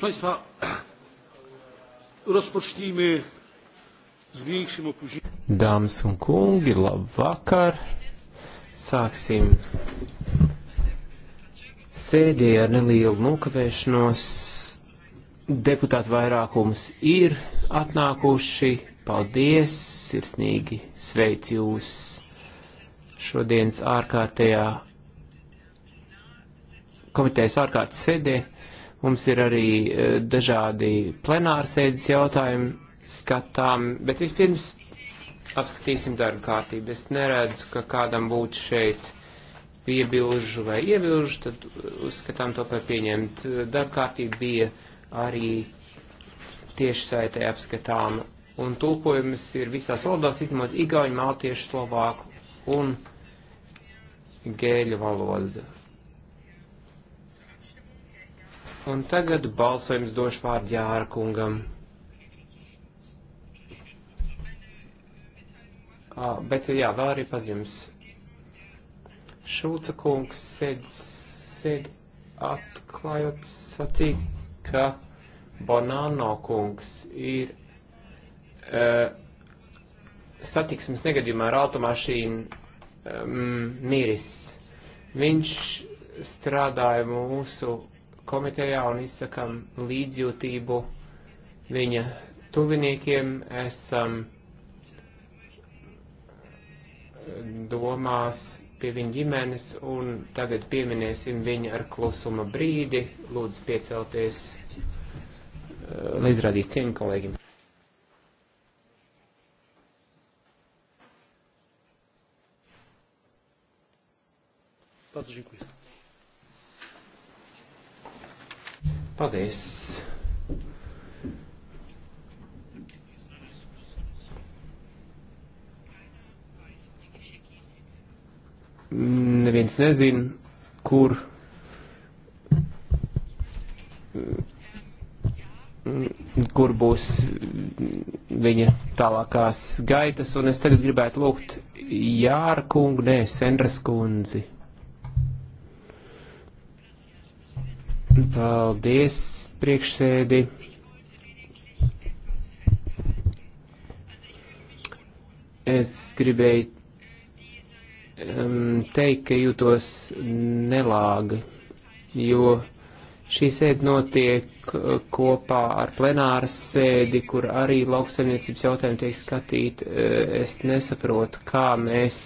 Państwa, rozpocznijmy z większym opóźnieniem. Dāmas un kungi, labvakar! Sāksim sēdī ar nelielu nokavēšanos. Deputāti vairākums ir atnākuši. Paldies! Sirsnīgi sveic jūs šodienas ārkārtējā komitejas ārkārtas sēdē. Mums ir arī e, dažādi plenārsēdes jautājumi skatām, bet vispirms apskatīsim darba kārtību. Es neredzu, ka kādam būtu šeit piebilžu vai iebilžu, tad uzskatām to par pieņemt. Darba kārtība bija arī tieši saitē apskatām, un tulkojums ir visās valodās, izņemot igauņu, maltiešu, slovāku un gēļu valodu. Un tagad balsojums došu vārdu Jāra kungam. À, bet jā, vēl arī paziņums. Šulca kungs sēd, sēd atklājot sacīt, ka Bonanno kungs ir uh, satiksmes negadījumā ar automašīnu um, miris. Viņš strādāja mūsu komitejā un izsakam līdzjūtību viņa tuviniekiem. Esam eh, domās pie viņa ģimenes un tagad pieminēsim viņu ar klusuma brīdi. Lūdzu piecelties, eh, lai izrādītu cieņu kolēģim. Bardzo dziękuję. Paldies! Neviens nezina, kur kur būs viņa tālākās gaitas, un es tagad gribētu lūgt Jārkungu, nē, Sendras kundzi. Paldies, priekšsēdi. Es gribēju um, teikt, ka jūtos nelāgi, jo šī sēde notiek uh, kopā ar plenāras sēdi, kur arī lauksaimniecības jautājumi tiek skatīti. Uh, es nesaprotu, kā mēs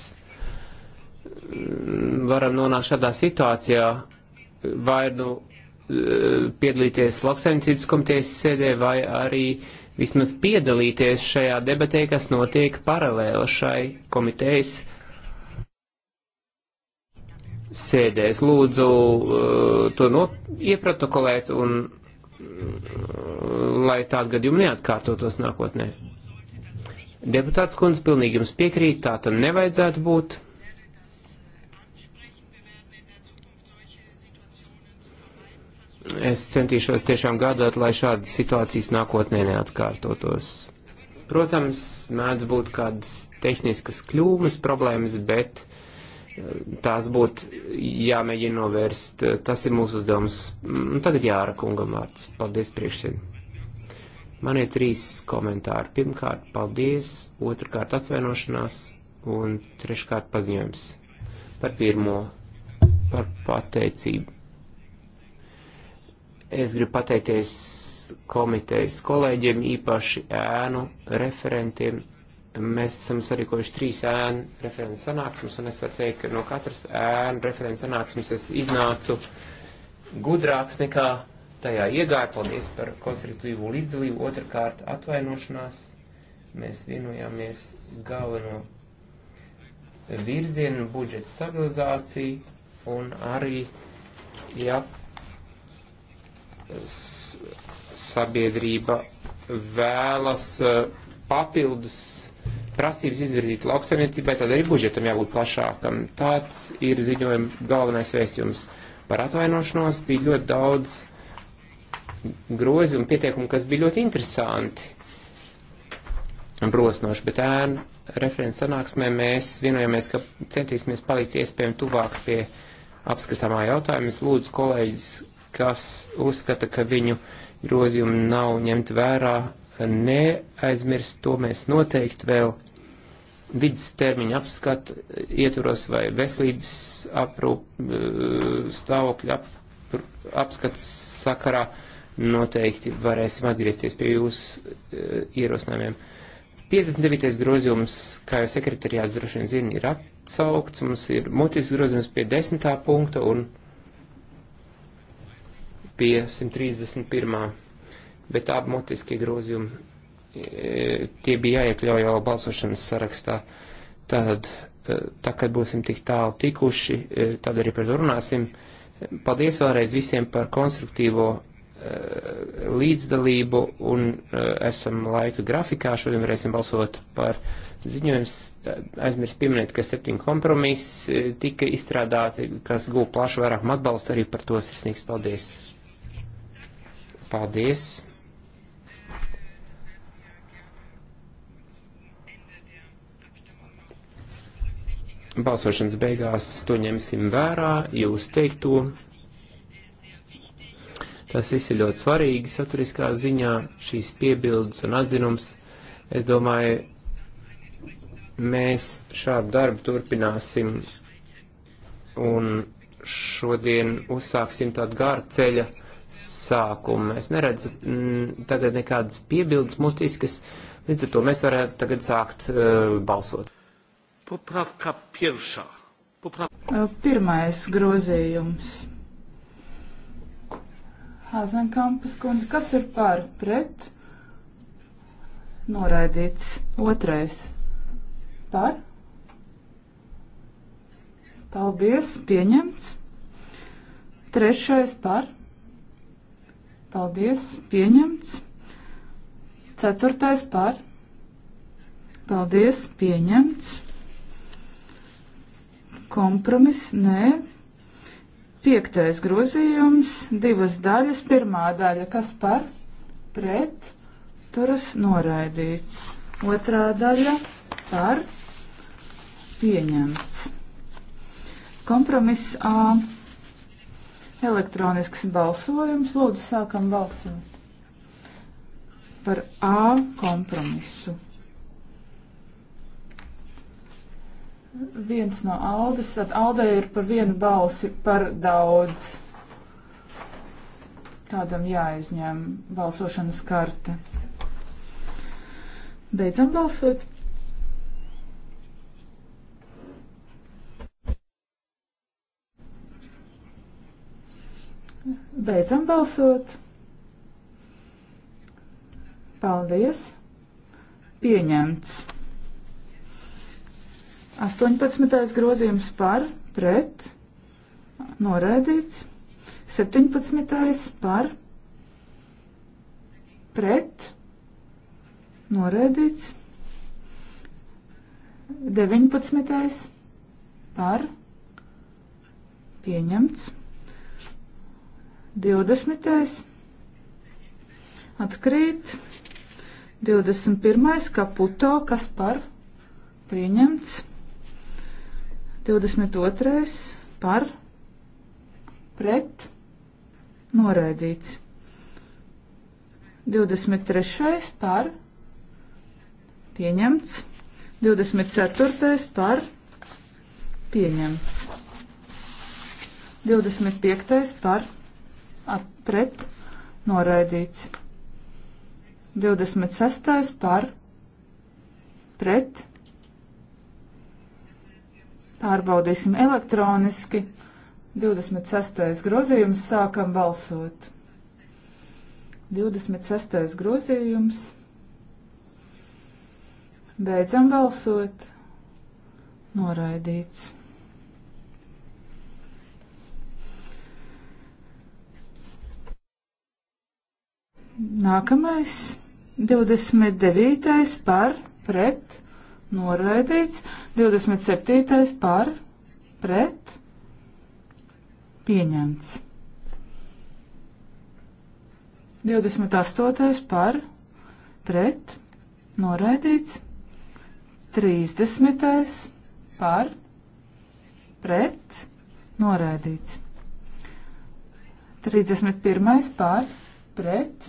um, varam nonākt šādā situācijā, vai nu Eh, piedalīties lauksaimniecības komitejas sēdē vai arī vismaz piedalīties šajā debatē, kas notiek paralēli šai komitejas sēdēs. Lūdzu eh, to no, ieprotokolēt un eh, lai tādu gadījumu neatkārtotos nākotnē. Deputāts kundze pilnīgi jums piekrīt, tā tam nevajadzētu būt. es centīšos tiešām gādāt, lai šādas situācijas nākotnē neatkārtotos. Protams, mēdz būt kādas tehniskas kļūmes, problēmas, bet eh, tās būtu jāmēģina novērst. Tas ir mūsu uzdevums. Tagad jāra kungam vārds. Paldies priekšsēdētājiem. Man ir trīs komentāri. Pirmkārt, paldies, otrkārt atvainošanās un treškārt paziņojums par pirmo, par pateicību. Es gribu pateikties komitejas kolēģiem, īpaši ēnu referentiem. Mēs esam sarīkojuši trīs ēnu referents sanāksmes, un es varu teikt, ka no katras ēnu referents sanāksmes es iznācu gudrāks nekā tajā iegāju. Paldies par konstruktīvu līdzdalību. Otrakārt, atvainošanās. Mēs vienojāmies galveno virzienu, budžeta stabilizāciju un arī, ja sabiedrība vēlas eh, papildus prasības izvirzīt lauksaimniecībai, tad arī budžetam jābūt plašākam. Tāds ir ziņojuma galvenais vēstījums par atvainošanos. Bija ļoti daudz grozi un pieteikumu, kas bija ļoti interesanti un brosnoši, bet ēnu referents sanāksmē mēs vienojamies, ka centīsimies palikt iespējami tuvāk pie apskatāmā jautājuma. Es lūdzu kolēģis kas uzskata, ka viņu grozījumi nav ņemt vērā, neaizmirst, to mēs noteikti vēl vidas termiņa apskata ietvaros vai veselības aprūp, eh, stāvokļa ap, apskats sakarā noteikti varēsim atgriezties pie jūsu eh, ierosinājumiem. 59. grozījums, kā jau sekretariāts droši vien zina, ir atsaukts, mums ir mutisks grozījums pie 10. punkta un pie 131. Bet abi motiskie grozījumi, e, tie bija jāiekļauj jau balsošanas sarakstā. Tātad, e, tā kad būsim tik tālu tikuši, e, tad arī par to runāsim. Paldies vēlreiz visiem par konstruktīvo līdzdalību un esam laika grafikā. Šodien varēsim balsot par ziņojums. Aizmirst pieminēt, ka septiņi kompromisi tika izstrādāti, kas gūp plašu vairākumu atbalstu. Arī par to sirsnīgs paldies. Paldies! balsošanas beigās to ņemsim vērā, jūs teikto. Tas viss ir ļoti svarīgi saturiskā ziņā, šīs piebildes un atzinums. Es domāju, mēs šādu darbu turpināsim un šodien uzsāksim tādu gāru ceļa sākumu. Es neredzu mm, tagad nekādas piebildes mutiskas, līdz ar to mēs varētu tagad sākt uh, balsot. Popravka piršā. Popravka. Uh, pirmais grozījums. Hazenkampas kundze, kas ir par pret? Noraidīts. Otrais. Par? Paldies, pieņemts. Trešais par? Paldies, pieņemts. Ceturtais par. Paldies, pieņemts. Kompromis, nē. Piektais grozījums, divas daļas. Pirmā daļa, kas par? Pret, turas noraidīts. Otrā daļa par pieņemts. Kompromiss A Elektronisks balsojums. Lūdzu, sākam balsot par A kompromisu. Viens no Aldes, tad Aldē ir par vienu balsi par daudz. Kādam jāizņem balsošanas karte. Beidzam balsot. Beidzam balsot. Paldies. Pieņemts. 18. grozījums par, pret, noraidīts. 17. par, pret, noraidīts. 19. par, pieņemts. 20. Atkrīt. 21. Kaputo, kas par? Pieņemts. 22. par? Pret. Noraidīts. 23. par? Pieņemts. 24. par? Pieņemts. 25. par? Pieņemts. 25. par pret noraidīts. 26. par pret pārbaudīsim elektroniski. 26. grozījums sākam balsot. 26. grozījums. Beidzam balsot. Noraidīts. Nākamais, 29. par, pret, noraidīts, 27. par, pret, pieņemts. 28. par, pret, noraidīts, 30. par, pret, noraidīts. 31. par, pret, noraidīts.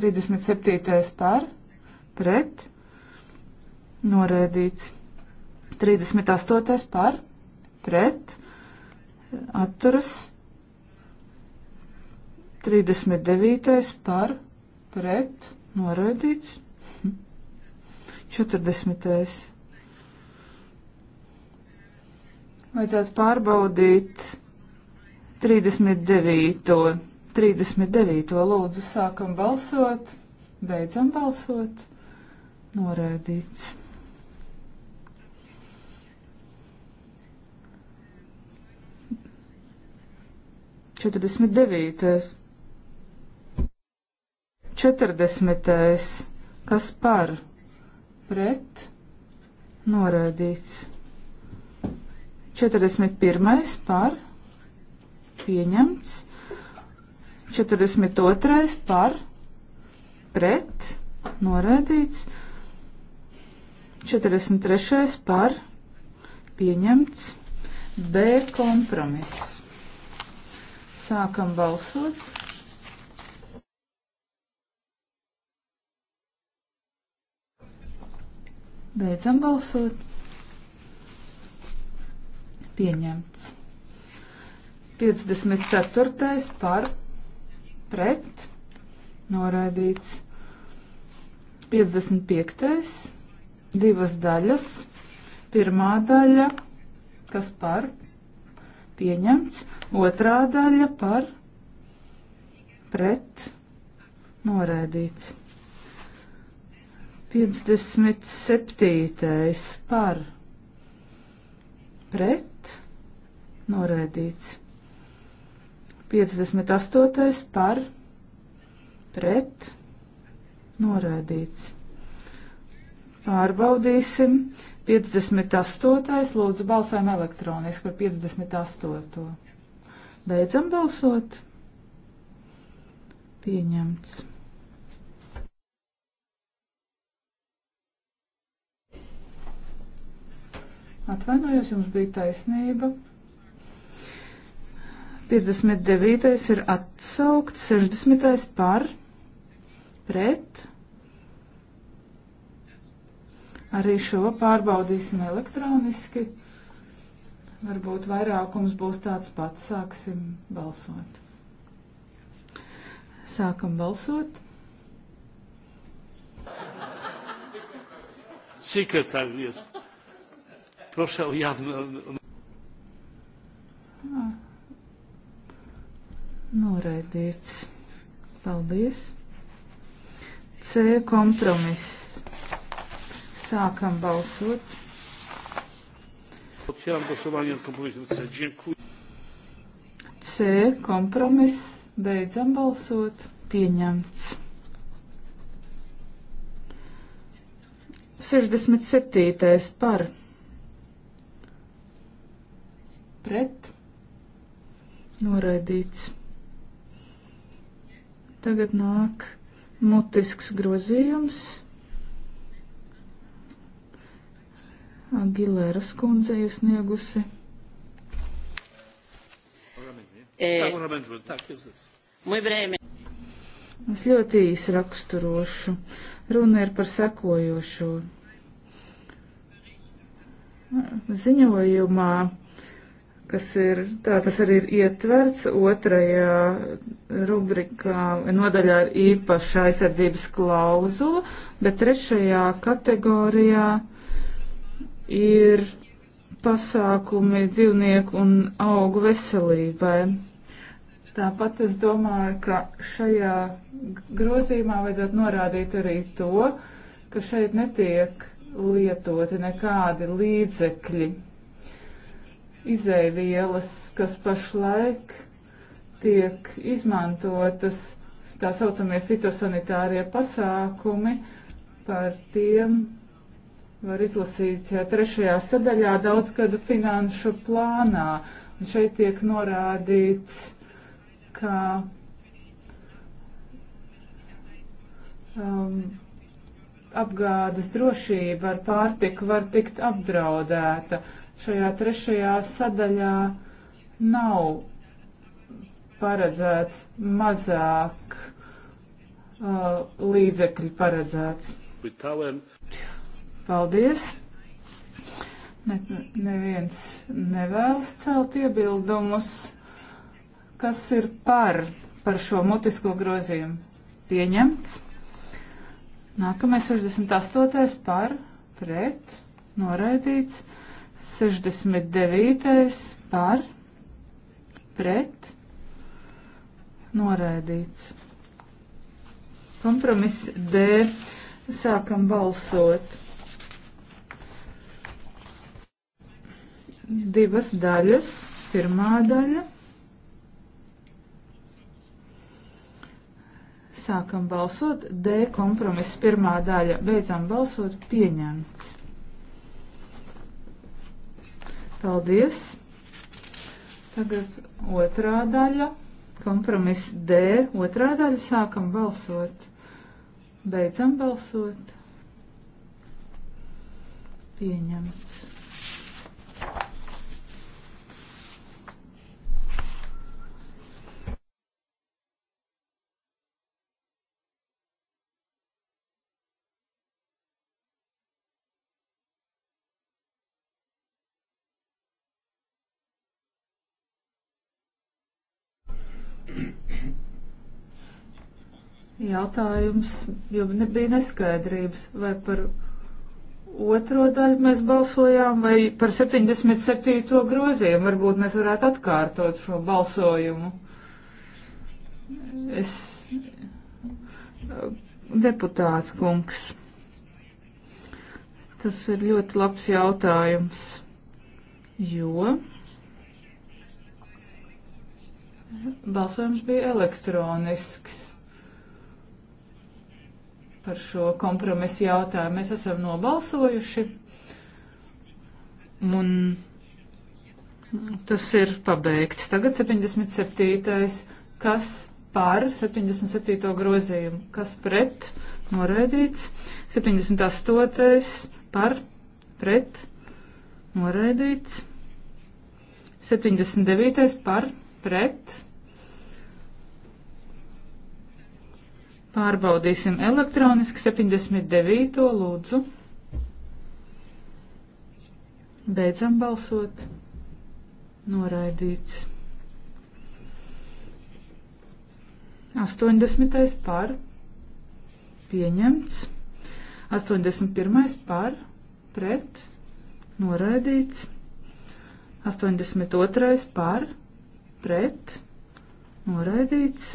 37. par, pret, norēdīts. 38. par, pret, atturas. 39. par, pret, norēdīts. 40. Vajadzētu pārbaudīt 39. 39. lūdzu sākam balsot, beidzam balsot, norēdīts. Četrdesmit devītais. Četrdesmitais. Kas par? Pret. Norēdīts. Četrdesmit pirmais par. Pieņemts. 42. par, pret, noraidīts. 43. par, pieņemts. B kompromiss. Sākam balsot. Beidzam balsot. Pieņemts. 54. par pret, noraidīts. 55. divas daļas, pirmā daļa, kas par, pieņemts, otrā daļa par, pret, noraidīts. 57. par, pret, noraidīts. 58. par pret noraidīts. Pārbaudīsim. 58. lūdzu balsojam elektroniski par 58. Beidzam balsot. Pieņemts. Atvainojos, jums bija taisnība. 59. ir atsaukt, 60. par, pret. Arī šo pārbaudīsim elektroniski. Varbūt vairākums būs tāds pats. Sāksim balsot. Sākam balsot. Sekretārs, prošu, jā. noraidīts. Paldies. C kompromiss. Sākam balsot. Otwieram głosowanie nad kompromisem C. Dziękuję. C kompromiss. Beidzam balsot. Pieņemts. 67. par pret noraidīts. Tagad nāk mutisks grozījums. Agilēras kundze iesniegusi. Eh, es ļoti īsi raksturošu. Runa ir par sekojošo. Ziņojumā kas ir, tā tas arī ir ietverts otrajā rubrikā, nodaļā ar īpašu aizsardzības klauzulu, bet trešajā kategorijā ir pasākumi dzīvnieku un augu veselībai. Tāpat es domāju, ka šajā grozījumā vajadzētu norādīt arī to, ka šeit netiek lietoti nekādi līdzekļi izēvielas, kas pašlaik tiek izmantotas tā saucamie fitosanitārie pasākumi, par tiem var izlasīt jā, trešajā sadaļā daudzgadu finanšu plānā. Un šeit tiek norādīts, ka um, apgādes drošība ar pārtiku var tikt apdraudēta šajā trešajā sadaļā nav paredzēts mazāk uh, līdzekļu paredzēts. Paldies! Ne, neviens nevēlas celt iebildumus. Kas ir par, par šo mutisko grozījumu? Pieņemts. Nākamais 68. par, pret, noraidīts. 69. par, pret, noraidīts. Kompromiss D. Sākam balsot. Divas daļas. Pirmā daļa. Sākam balsot. D kompromiss pirmā daļa. Beidzam balsot. Pieņemts. Paldies! Tagad otrā daļa, kompromiss D, otrā daļa sākam balsot. Beidzam balsot. Pieņemts. Jautājums, jo nebija neskaidrības, vai par otro daļu mēs balsojām, vai par 77. grozījumu. Varbūt mēs varētu atkārtot šo balsojumu. Es deputāts kungs. Tas ir ļoti labs jautājums, jo balsojums bija elektronisks par šo kompromisu jautājumu. Mēs esam nobalsojuši, un tas ir pabeigts. Tagad 77. kas par 77. grozījumu, kas pret, noraidīts. 78. par, pret, noraidīts. 79. par, pret, noraidīts. Pārbaudīsim elektroniski 79. lūdzu. Beidzam balsot. Noraidīts. 80. par. Pieņemts. 81. par. Pret. Noraidīts. 82. par. Pret. Noraidīts.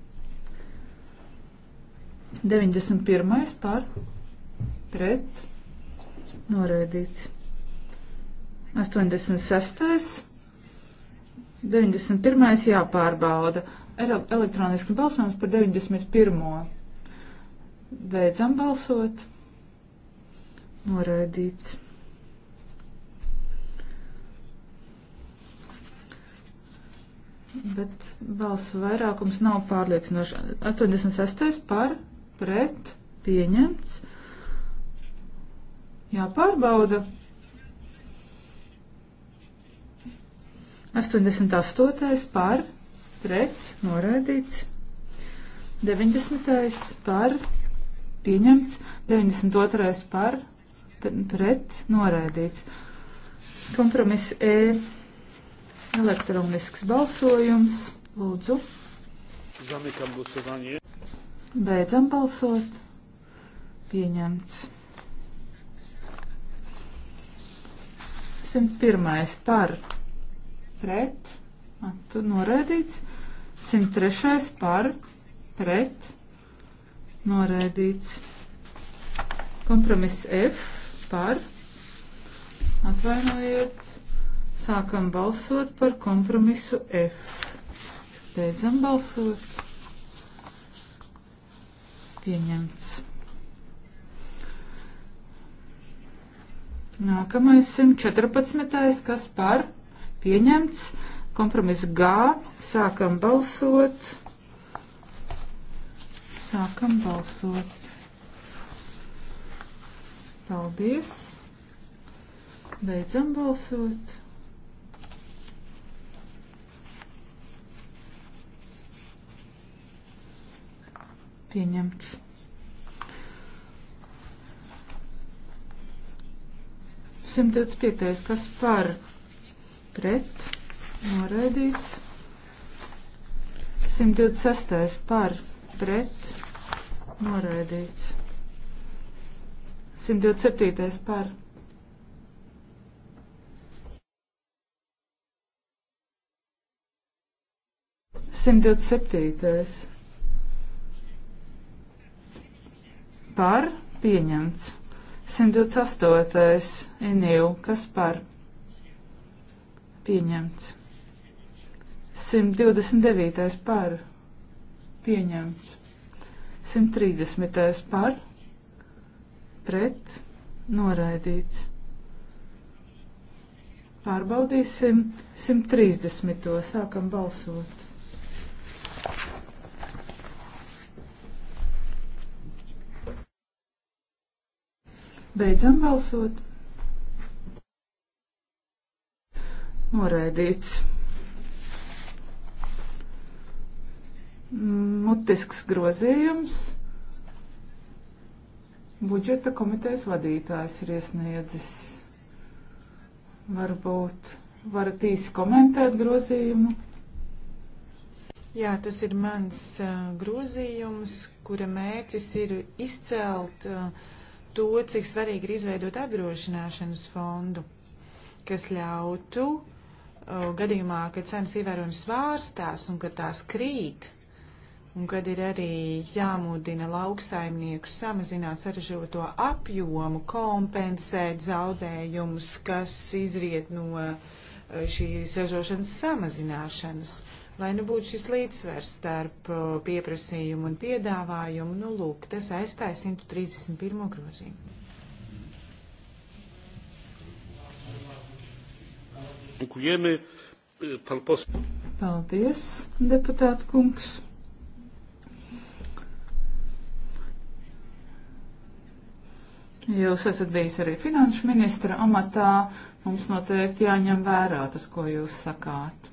91. par pret noraidīts. 86. 91. jāpārbauda. Elektroniski balsojums par 91. Beidzam balsot. Noraidīts. Bet balsu vairākums nav pārliecinoši. 86. par pret, pieņemts. Jāpārbauda. 88. par, pret, noraidīts. 90. par, pieņemts. 92. par, pret, noraidīts. Kompromiss E. Elektronisks balsojums. Lūdzu. Zamykam głosowanie. Beidzam balsot. Pieņemts. 101. par pret. Tu noraidīts. 103. par pret. Noraidīts. Kompromiss F par. Atvainojiet. Sākam balsot par kompromisu F. Beidzam balsot pieņemts. Nākamais 114. kas par pieņemts. Kompromiss G. Sākam balsot. Sākam balsot. Paldies. Beidzam balsot. Pieņemts. Simtdevts piektais, kas par pret, noraidīts. 126. par pret, noraidīts. 127. par. Simtdevts septītais. par pieņemts. 128. Eniju, kas par pieņemts. 129. par pieņemts. 130. par pret noraidīts. Pārbaudīsim 130. sākam balsot. Beidzam balsot. Noraidīts. Mutisks grozījums. Budžeta komitejas vadītājs ir iesniedzis. Varbūt varat īsi komentēt grozījumu. Jā, tas ir mans uh, grozījums, kura mērķis ir izcelt uh, to, cik svarīgi ir izveidot apdrošināšanas fondu, kas ļautu o, gadījumā, ka cenas ievērojami svārstās un ka tās krīt, un kad ir arī jāmudina lauksaimnieku samazināt sarežģīto apjomu, kompensēt zaudējumus, kas izriet no šīs ražošanas samazināšanas lai nu būtu šis līdzsvers starp uh, pieprasījumu un piedāvājumu. Nu, lūk, tas aizstāja 131. grozījumu. Dziękujemy. Pan poseł. Paldies, deputāt kungs. Jūs esat bijis arī finanšu ministra amatā. Mums noteikti jāņem vērā tas, ko jūs sakāt.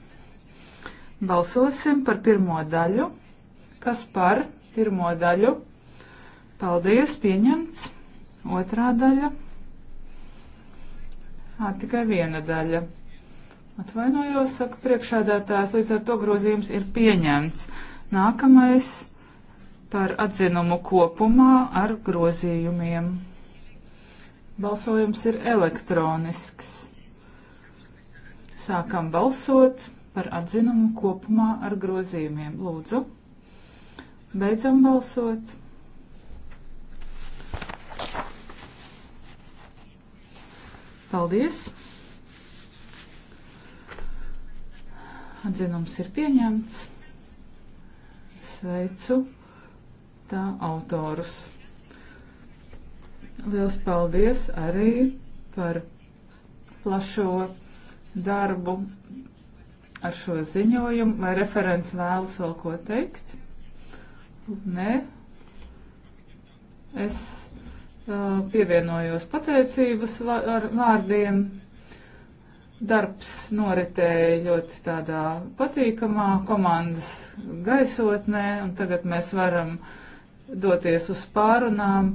Balsosim par pirmo daļu. Kas par pirmo daļu? Paldies, pieņemts. Otrā daļa. Ā, tikai viena daļa. Atvainojos, saka priekšādātājs, līdz ar to grozījums ir pieņemts. Nākamais par atzinumu kopumā ar grozījumiem. Balsojums ir elektronisks. Sākam balsot par atzinumu kopumā ar grozījumiem. Lūdzu, beidzam balsot. Paldies! Atzinums ir pieņemts. Sveicu tā autorus. Liels paldies arī par plašo darbu ar šo ziņojumu. Vai referents vēlas vēl ko teikt? Nē. Es uh, pievienojos pateicības vārdiem. Darbs noritēja ļoti tādā patīkamā komandas gaisotnē, un tagad mēs varam doties uz pārunām.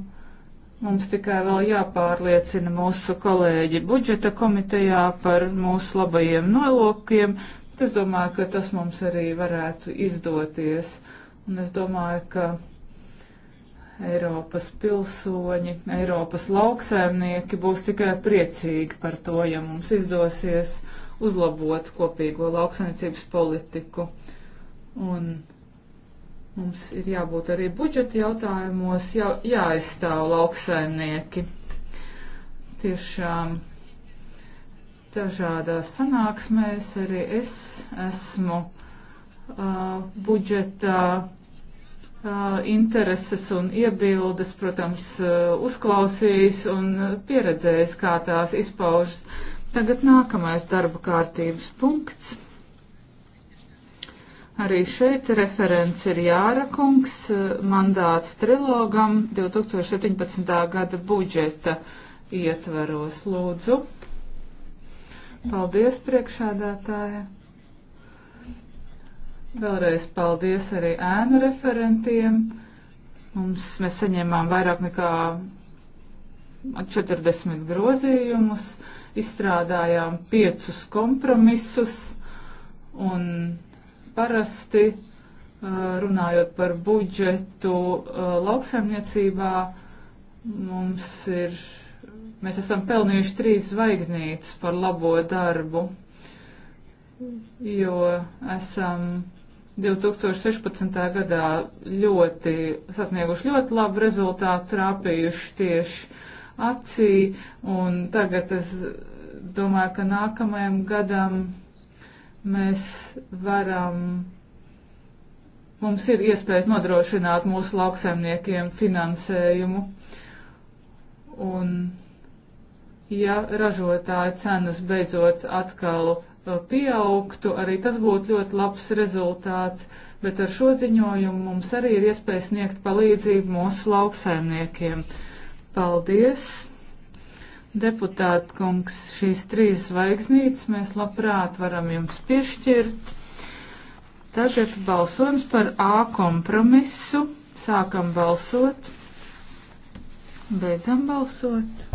Mums tikai vēl jāpārliecina mūsu kolēģi budžeta komitejā par mūsu labajiem nolūkiem, Es domāju, ka tas mums arī varētu izdoties. Un es domāju, ka Eiropas pilsoņi, Eiropas lauksēmnieki būs tikai priecīgi par to, ja mums izdosies uzlabot kopīgo lauksaimniecības politiku. Un mums ir jābūt arī budžeta jautājumos, jā, jāaizstāv lauksaimnieki. Tiešām dažādās sanāksmēs arī es esmu uh, budžetā uh, intereses un iebildes, protams, uh, uzklausījis un pieredzējis, kā tās izpaužas. Tagad nākamais darba kārtības punkts. Arī šeit referents ir Jāra kungs, mandāts trilogam 2017. gada budžeta ietvaros. Lūdzu. Paldies, priekšādātāja. Vēlreiz paldies arī ēnu referentiem. Mums mēs saņēmām vairāk nekā 40 grozījumus, izstrādājām piecus kompromisus un parasti runājot par budžetu lauksaimniecībā mums ir Mēs esam pelnījuši trīs zvaigznītes par labo darbu, jo esam 2016. gadā ļoti sasnieguši ļoti labu rezultātu, trāpījuši tieši acī, un tagad es domāju, ka nākamajam gadam mēs varam, mums ir iespējas nodrošināt mūsu lauksaimniekiem finansējumu. Un ja ražotāja cenas beidzot atkal uh, pieaugtu, arī tas būtu ļoti labs rezultāts, bet ar šo ziņojumu mums arī ir iespēja sniegt palīdzību mūsu lauksaimniekiem. Paldies! Deputāta kungs, šīs trīs zvaigznītes mēs labprāt varam jums piešķirt. Tagad balsojums par A kompromisu. Sākam balsot. Beidzam balsot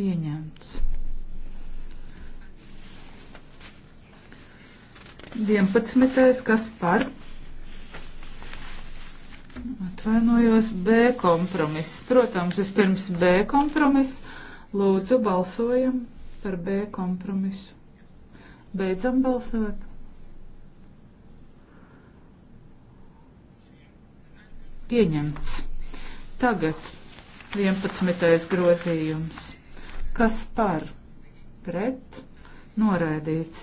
pieņemts. 11. kas par? Atvainojos B kompromiss. Protams, vispirms B kompromiss. Lūdzu, balsojam par B kompromisu. Beidzam balsot. Pieņemts. Tagad 11. grozījums kas par pret noraidīts.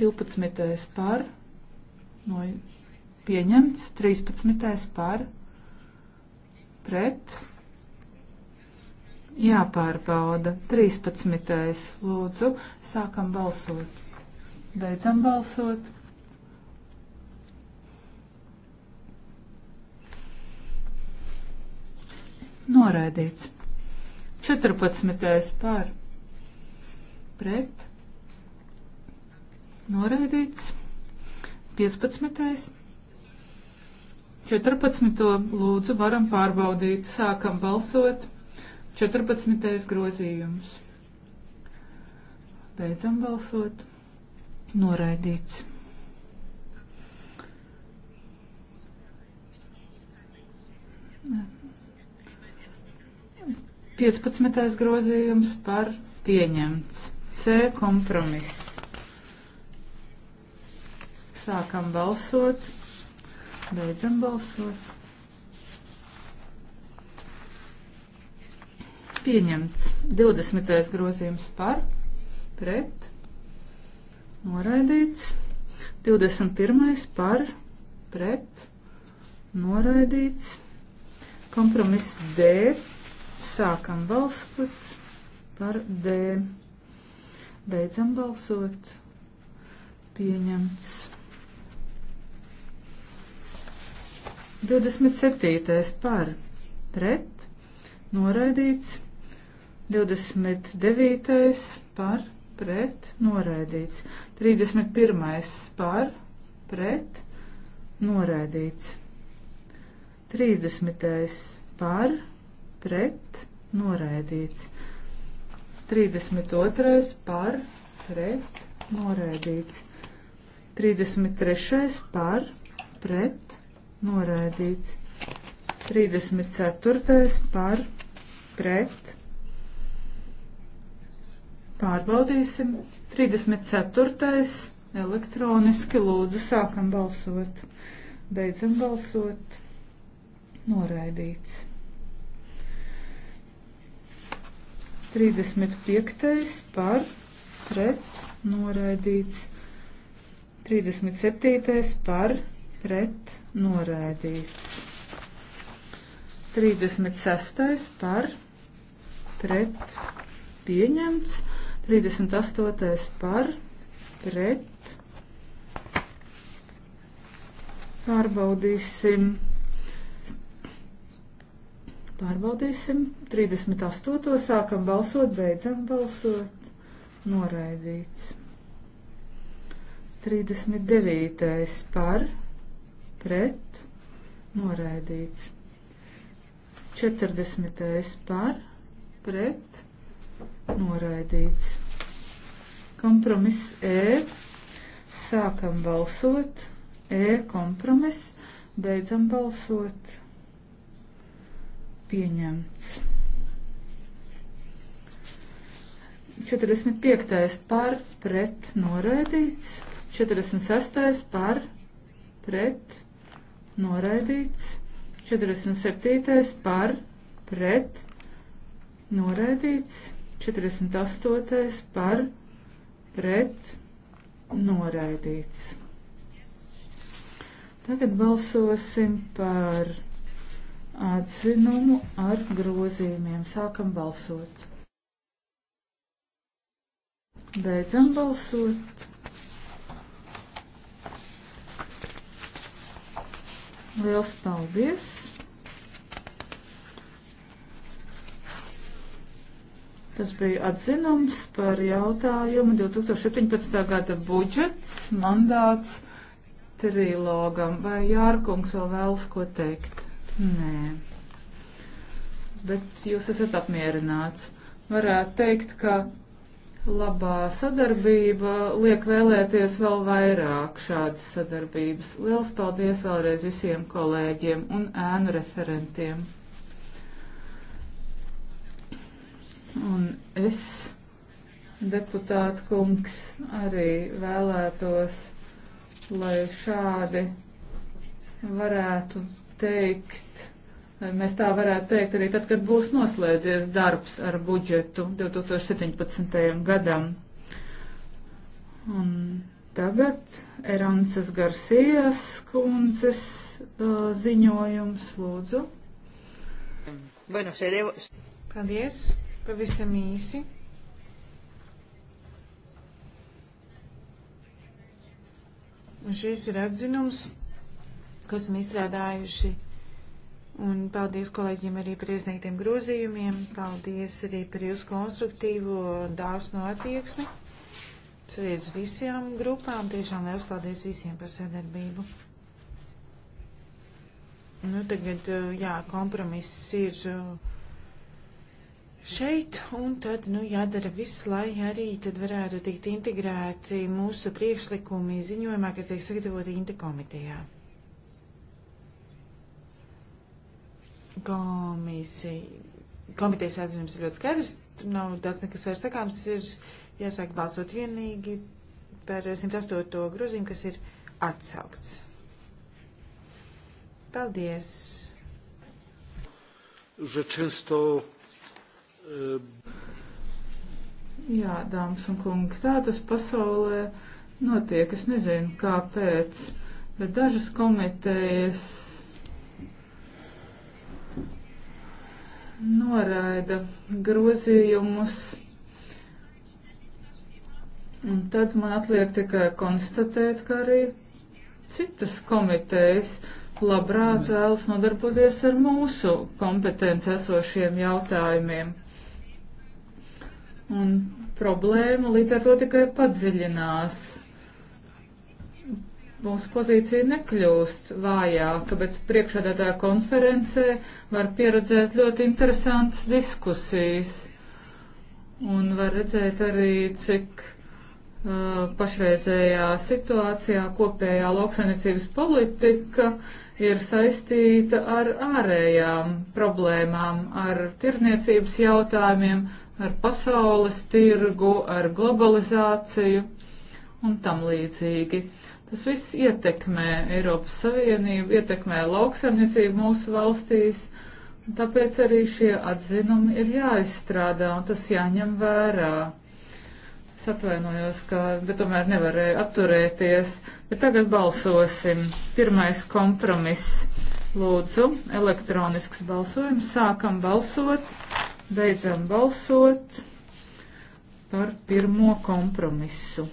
12. par no, pieņemts, 13. par pret jāpārbauda. 13. lūdzu, sākam balsot. Beidzam balsot. Noraidīts. 14. par pret noraidīts. 15. 14. lūdzu varam pārbaudīt. Sākam balsot. 14. grozījums. Beidzam balsot. Noraidīts. Nē. 15. grozījums par pieņemts. C kompromiss. Sākam balsot. Beidzam balsot. Pieņemts. 20. grozījums par pret. Noraidīts. 21. par pret. Noraidīts. Kompromiss D Sākam balsot par D. Beidzam balsot. Pieņemts. 27. par pret. Noraidīts. 29. par pret. Noraidīts. 31. par pret. Noraidīts. 30. par pret pret, noraidīts. 32. par, pret, noraidīts. 33. par, pret, noraidīts. 34. par, pret. Pārbaudīsim. 34. elektroniski lūdzu sākam balsot. Beidzam balsot. Noraidīts. 35. par pret noraidīts. 37. par pret noraidīts. 36. par pret pieņemts. 38. par pret pārbaudīsim. Pārbaudīsim. 38. sākam balsot, beidzam balsot. Noraidīts. 39. par, pret, noraidīts. 40. par, pret, noraidīts. Kompromiss E. Sākam balsot. E kompromiss. Beidzam balsot pieņemts. 45. par pret noraidīts, 46. par pret noraidīts, 47. par pret noraidīts, 48. par pret noraidīts. Tagad balsosim par atzinumu ar grozījumiem. Sākam balsot. Beidzam balsot. Liels paldies! Tas bija atzinums par jautājumu 2017. gada budžets, mandāts trilogam. Vai Jārkungs vēl vēlas ko teikt? Nē. Bet jūs esat apmierināts. Varētu teikt, ka labā sadarbība liek vēlēties vēl vairāk šādas sadarbības. Liels paldies vēlreiz visiem kolēģiem un ēnu referentiem. Un es, deputāta kungs, arī vēlētos, lai šādi varētu teikt, eh, mēs tā varētu teikt arī tad, kad būs noslēdzies darbs ar budžetu 2017. gadam. Un tagad Erances Garcijas kundzes uh, ziņojums, lūdzu. Bueno, seré... Paldies, pavisam īsi. Un šis ir atzinums ko esam izstrādājuši. Un paldies kolēģiem arī par iesniegtiem grozījumiem. Paldies arī par jūsu konstruktīvo dāsnu attieksmi. Sveic uz visām grupām. Tiešām liels paldies visiem par sadarbību. Nu, tagad, jā, kompromiss ir uh, šeit, un tad, nu, jādara viss, lai arī tad varētu tikt integrēti mūsu priekšlikumi ziņojumā, kas tiek sagatavoti Inte komitejā. komisija, komitejas atzinums ir ļoti skaidrs, nav daudz nekas vairs sakāms, ir jāsāk balsot vienīgi par 108. grozījumu, kas ir atsaukts. Paldies! Že često e, Jā, dāmas un kungi, tā tas pasaulē notiek. Es nezinu, kāpēc, bet dažas komitejas noraida grozījumus. Un tad man atliek tikai konstatēt, ka arī citas komitejas labprāt mm. vēlas nodarboties ar mūsu kompetenci esošiem jautājumiem. Un problēma līdz ar to tikai padziļinās mūsu pozīcija nekļūst vājāka, bet priekšādātāja konferencē var pieredzēt ļoti interesantas diskusijas. Un var redzēt arī, cik uh, pašreizējā situācijā kopējā lauksainicības politika ir saistīta ar ārējām problēmām, ar tirniecības jautājumiem, ar pasaules tirgu, ar globalizāciju un tam līdzīgi. Tas viss ietekmē Eiropas Savienību, ietekmē lauksaimniecību mūsu valstīs, un tāpēc arī šie atzinumi ir jāizstrādā un tas jāņem vērā. Es atvainojos, ka, bet tomēr nevarēju atturēties, bet tagad balsosim. Pirmais kompromiss. Lūdzu, elektronisks balsojums. Sākam balsot, beidzam balsot par pirmo kompromisu.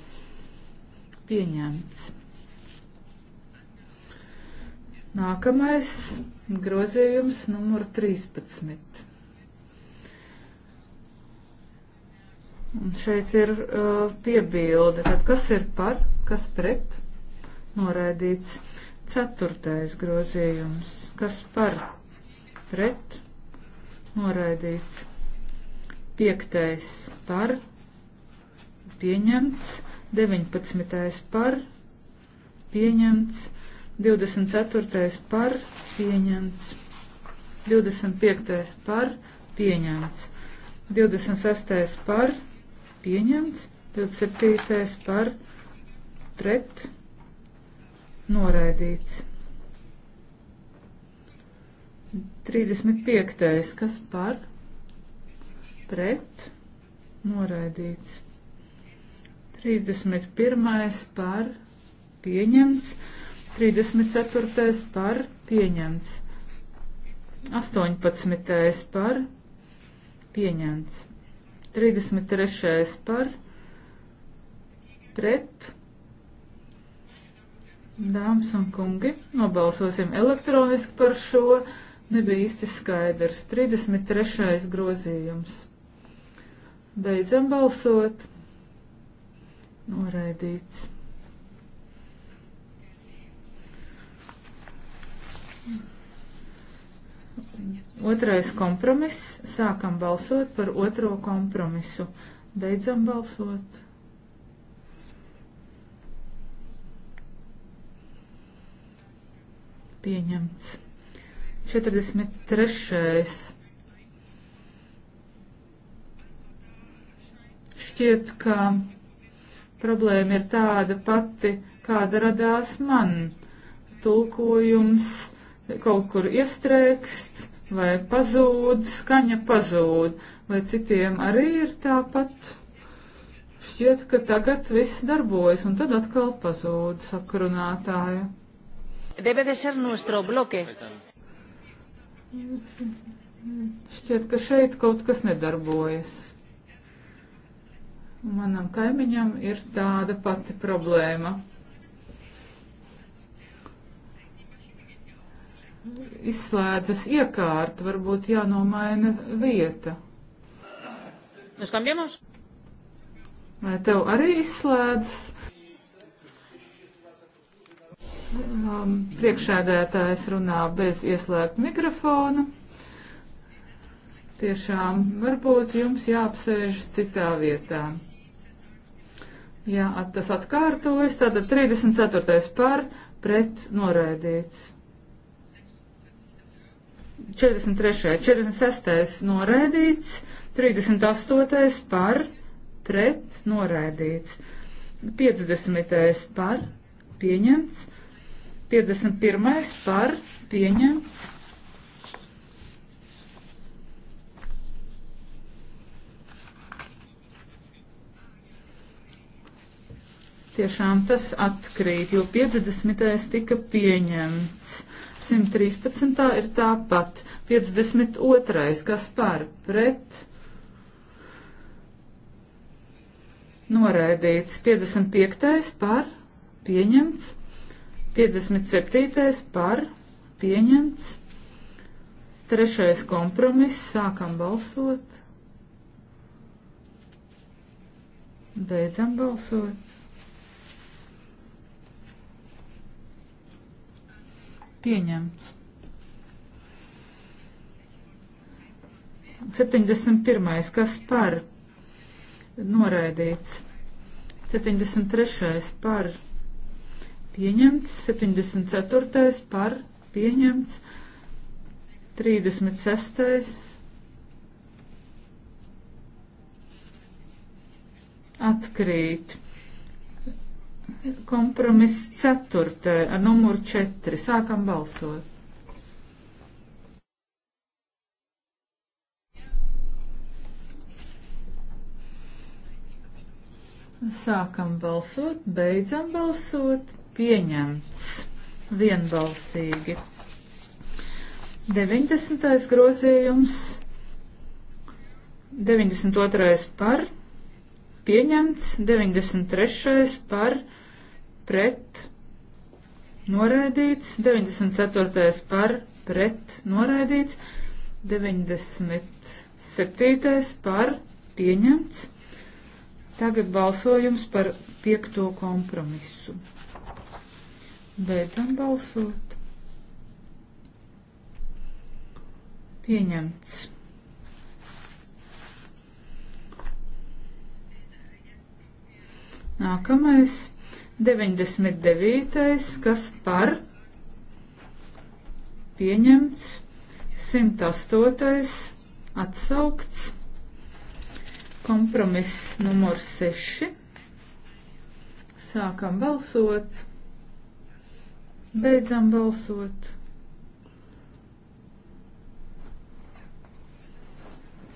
Pieņemts. Nākamais grozījums numur 13. Un šeit ir uh, piebilde, tad kas ir par, kas pret, noraidīts. Ceturtais grozījums, kas par, pret, noraidīts. Piektais par, pieņemts. 19. par, pieņemts. 24. par pieņemts. 25. par pieņemts. 26. par pieņemts. 27. par pret noraidīts. 35. kas par pret noraidīts. 31. par pieņemts. 34. par pieņemts. 18. par pieņemts. 33. par pret. Dāmas un kungi, nobalsosim elektroniski par šo. Nebija īsti skaidrs. 33. grozījums. Beidzam balsot. Noraidīts. Otrais kompromiss. Sākam balsot par otro kompromisu. Beidzam balsot. Pieņemts. 43. Šķiet, ka problēma ir tāda pati, kāda radās man. Tulkojums kaut kur iestrēgst vai pazūd, skaņa pazūd, vai citiem arī ir tāpat. Šķiet, ka tagad viss darbojas, un tad atkal pazūd sakrunātāja. Debe de ser nuestro bloque. Šķiet, ka šeit kaut kas nedarbojas. Manam kaimiņam ir tāda pati problēma. izslēdzas iekārta, varbūt jānomaina vieta. Mēs kambjamos? Vai tev arī izslēdzas? Um, priekšēdētājs runā bez ieslēgta mikrofona. Tiešām, varbūt jums jāapsēžas citā vietā. Jā, tas atkārtojas. Tātad 34. par pret noraidīts. 43. 46. noraidīts, 38. par, pret, noraidīts, 50. par, pieņemts, 51. par, pieņemts. Tiešām tas atkrīt, jo 50. tika pieņemts. 113. ir tāpat. 52. kas par pret noraidīts. 55. par pieņemts. 57. par pieņemts. Trešais kompromiss. Sākam balsot. Beidzam balsot. Pieņemts. 71. Kas par? Noraidīts. 73. par? Pieņemts. 74. par? Pieņemts. 36. Atkrīt. Kompromis ceturtē ar numuru četri. Sākam balsot. Sākam balsot, beidzam balsot, pieņemts vienbalsīgi. 90. grozījums, 92. par, pieņemts, 93. par, pieņemts pret, noraidīts, 94. par, pret, noraidīts, 97. par, pieņemts. Tagad balsojums par piekto kompromisu. Beidzam balsot. Pieņemts. Nākamais 99. kas par pieņemts, 108. atsaukts, kompromiss numur 6. Sākam balsot, beidzam balsot.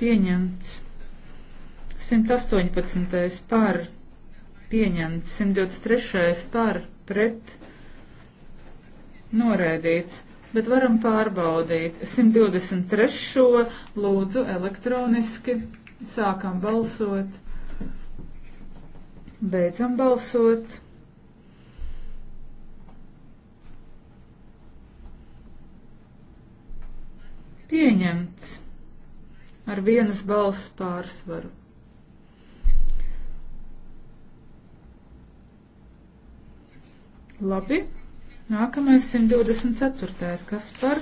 Pieņemts. 118. par pieņemts, 123. par pret noraidīts, bet varam pārbaudīt 123. lūdzu elektroniski, sākam balsot, beidzam balsot. Pieņemts ar vienas balss pārsvaru. Labi. Nākamais 124. kas par?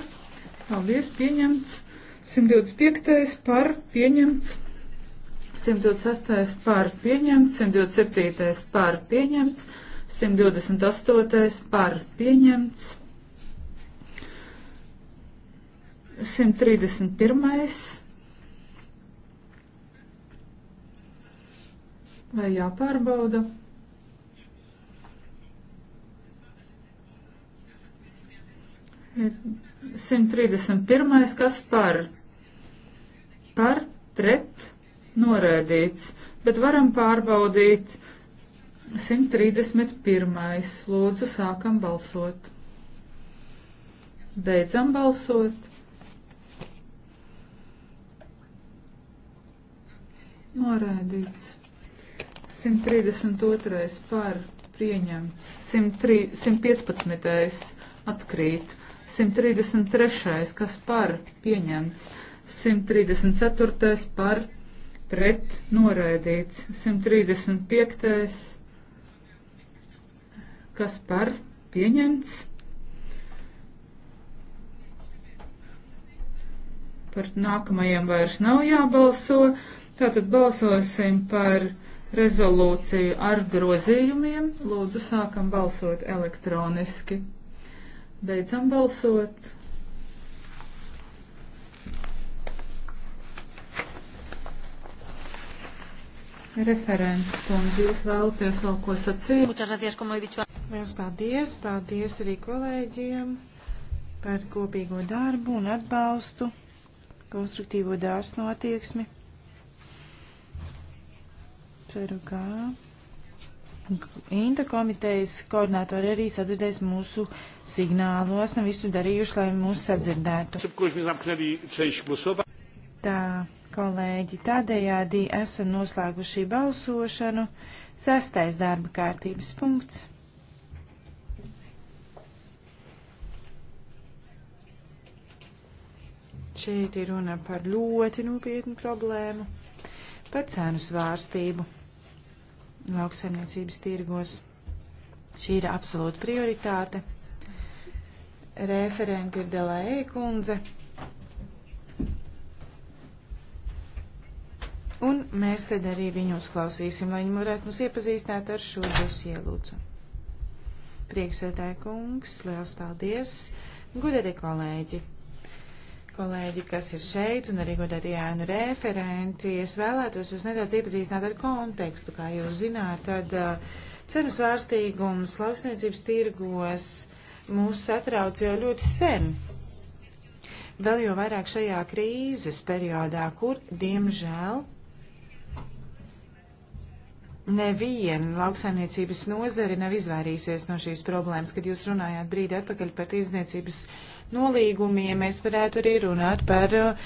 Paldies, pieņemts. 125. par? Pieņemts. 126. par? Pieņemts. 127. par? Pieņemts. 128. par? Pieņemts. 131. Vai jāpārbauda? Ir 131. kas par? Par, pret, noraidīts. Bet varam pārbaudīt 131. Lūdzu, sākam balsot. Beidzam balsot. Noraidīts. 132. par pieņemts. 103, 115. atkrīt. 133. kas par pieņemts, 134. par pret noraidīts, 135. kas par pieņemts. Par nākamajiem vairs nav jābalso, tātad balsosim par rezolūciju ar grozījumiem. Lūdzu, sākam balsot elektroniski. Beidzam balsot. Referents kundze, jūs vēlaties vēl ko sacīt? Liels paldies, paldies arī kolēģiem par kopīgo darbu un atbalstu, konstruktīvo dārsnu attieksmi. Ceru, ka Inta komitejas koordinātori arī sadzirdēs mūsu signālu. Esam visu darījuši, lai mūs sadzirdētu. Tā, kolēģi, tādējādi esam noslēguši balsošanu. Sestais darba kārtības punkts. Šeit ir runa par ļoti nopietnu problēmu, par cenu svārstību lauksaimniecības tirgos. Šī ir absolūta prioritāte. Referenti ir Delēja kundze. Un mēs tad arī viņu uzklausīsim, lai viņi varētu mums iepazīstināt ar šo dosie lūdzu. Prieksētāja kungs, liels paldies! Gudētie kolēģi! kolēģi, kas ir šeit, un arī godētie ēnu referenti. Es vēlētos jūs nedaudz iepazīstināt ar kontekstu, kā jūs zināt, tad uh, cenu svārstīgums lauksniecības tirgos mūs satrauc jau ļoti sen. Vēl jau vairāk šajā krīzes periodā, kur, diemžēl, Neviena lauksaimniecības nozare nav izvairījusies no šīs problēmas, kad jūs runājāt brīdi atpakaļ par tirdzniecības uh, nolīgumiem, mēs varētu arī runāt par uh,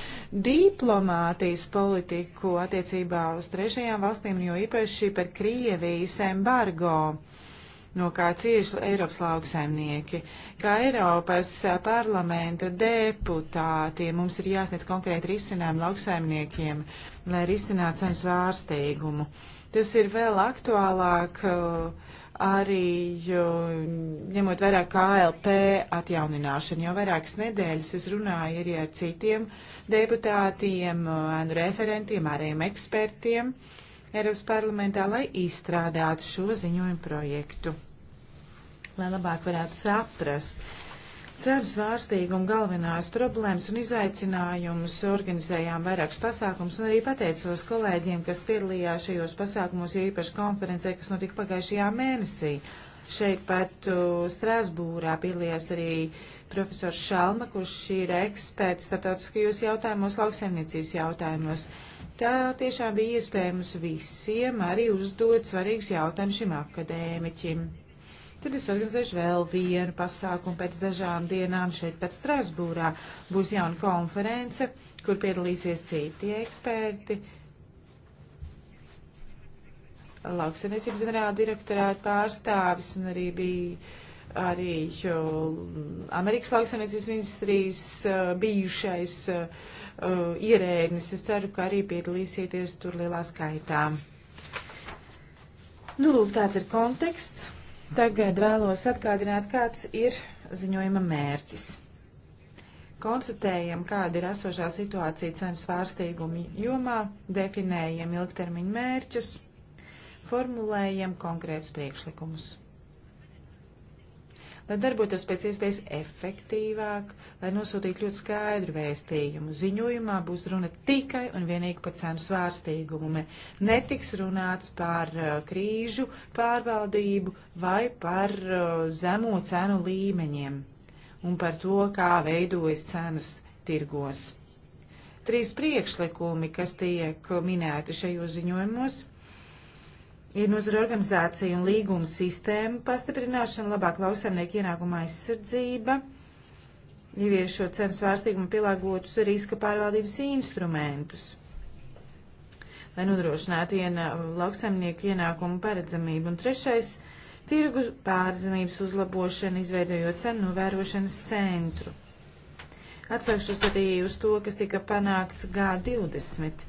diplomātijas politiku attiecībā uz trešajām valstīm, jo īpaši par Krievijas embargo no kā cieši Eiropas lauksaimnieki, kā Eiropas parlamenta deputāti. Mums ir jāsniedz konkrēti risinājumi lauksaimniekiem, lai risinātu cenu svārstīgumu. Tas ir vēl aktuālāk uh, arī ņemot vērā KLP atjaunināšanu. Jau vairākas nedēļas es runāju arī ar citiem deputātiem, referentiem, ārējiem ekspertiem Eiropas parlamentā, lai izstrādātu šo ziņojumu projektu, lai labāk varētu saprast, Cenu svārstīgumu galvenās problēmas un izaicinājumus organizējām vairākus pasākumus un arī pateicos kolēģiem, kas piedalījās šajos pasākumos, jo īpaši konferencē, kas notika pagājušajā mēnesī. Šeit pat uh, Strasbūrā piedalījās arī profesors Šalma, kurš ir eksperts starptautiskajos jautājumos, lauksaimniecības jautājumos. Tā tiešām bija iespējams visiem arī uzdot svarīgus jautājumus šim akadēmiķim. Tad es organizēšu vēl vienu pasākumu pēc dažām dienām šeit pat Strasbūrā. Būs jauna konference, kur piedalīsies citi eksperti. Lauksainiecības ģenerāla direktorāta pārstāvis un arī bija arī jo, mm, Amerikas lauksainiecības ministrijas uh, bijušais uh, uh ierēdnis. Es ceru, ka arī piedalīsieties tur lielā skaitā. Nu, lūk, tāds ir konteksts. Tagad vēlos atgādināt, kāds ir ziņojuma mērķis. Konstatējam, kāda ir esošā situācija cenu svārstīgumu jomā, definējam ilgtermiņu mērķus, formulējam konkrētus priekšlikumus lai darbotos pēc iespējas efektīvāk, lai nosūtītu ļoti skaidru vēstījumu. Ziņojumā būs runa tikai un vienīgi par cēnu svārstīgumu. Netiks runāts par uh, krīžu pārvaldību vai par uh, zemo cenu līmeņiem un par to, kā veidojas cenas tirgos. Trīs priekšlikumi, kas tiek minēti šajos ziņojumos ir nozara organizācija un līguma sistēma pastiprināšana, labāk lauksaimnieku ienākuma aizsardzība, ieviešot cenu svārstīgumu pielāgotus riska pārvaldības instrumentus, lai nodrošinātu ienā, lauksaimnieku ienākumu paredzamību. Un trešais - tirgu pārzemības uzlabošana, izveidojot cenu novērošanas centru. Atsaukšos arī uz to, kas tika panākts G20.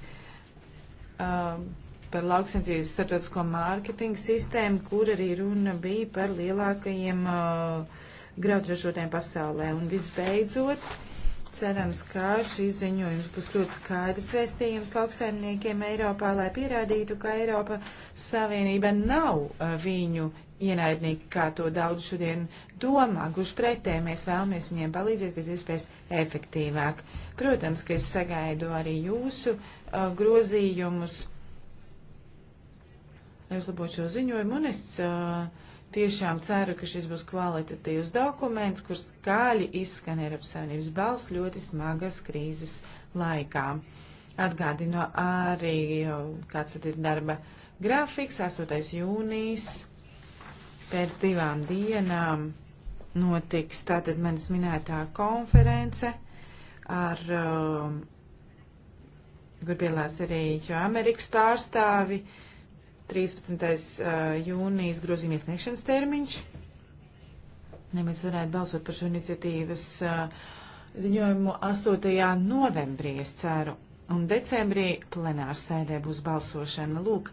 Um, par lauksensības starptautisko mārketinga sistēmu, kur arī runa bija par lielākajiem uh, graudražotēm pasaulē. Un visbeidzot, cerams, ka šis ziņojums būs ļoti skaidrs vēstījums lauksaimniekiem Eiropā, lai pierādītu, ka Eiropa Savienība nav uh, viņu ienaidnieki, kā to daudz šodien domā. Gluži pretēji mēs vēlamies viņiem palīdzēt pēc iespējas efektīvāk. Protams, ka es sagaidu arī jūsu uh, grozījumus uzlabot šo ziņojumu, un es uh, tiešām ceru, ka šis būs kvalitatīvs dokuments, kur skaļi izskan Eiropas Savienības balss ļoti smagas krīzes laikā. Atgādinu arī, kāds tad ir darba grafiks, 8. jūnijas pēc divām dienām notiks tātad manis minētā konference ar um, kur piedalās arī Amerikas pārstāvi, uh, 13. jūnijas grozījuma iesniegšanas termiņš. Ja mēs varētu balsot par šo iniciatīvas ziņojumu 8. novembrī, es ceru, un decembrī plenārsēdē būs balsošana. Lūk,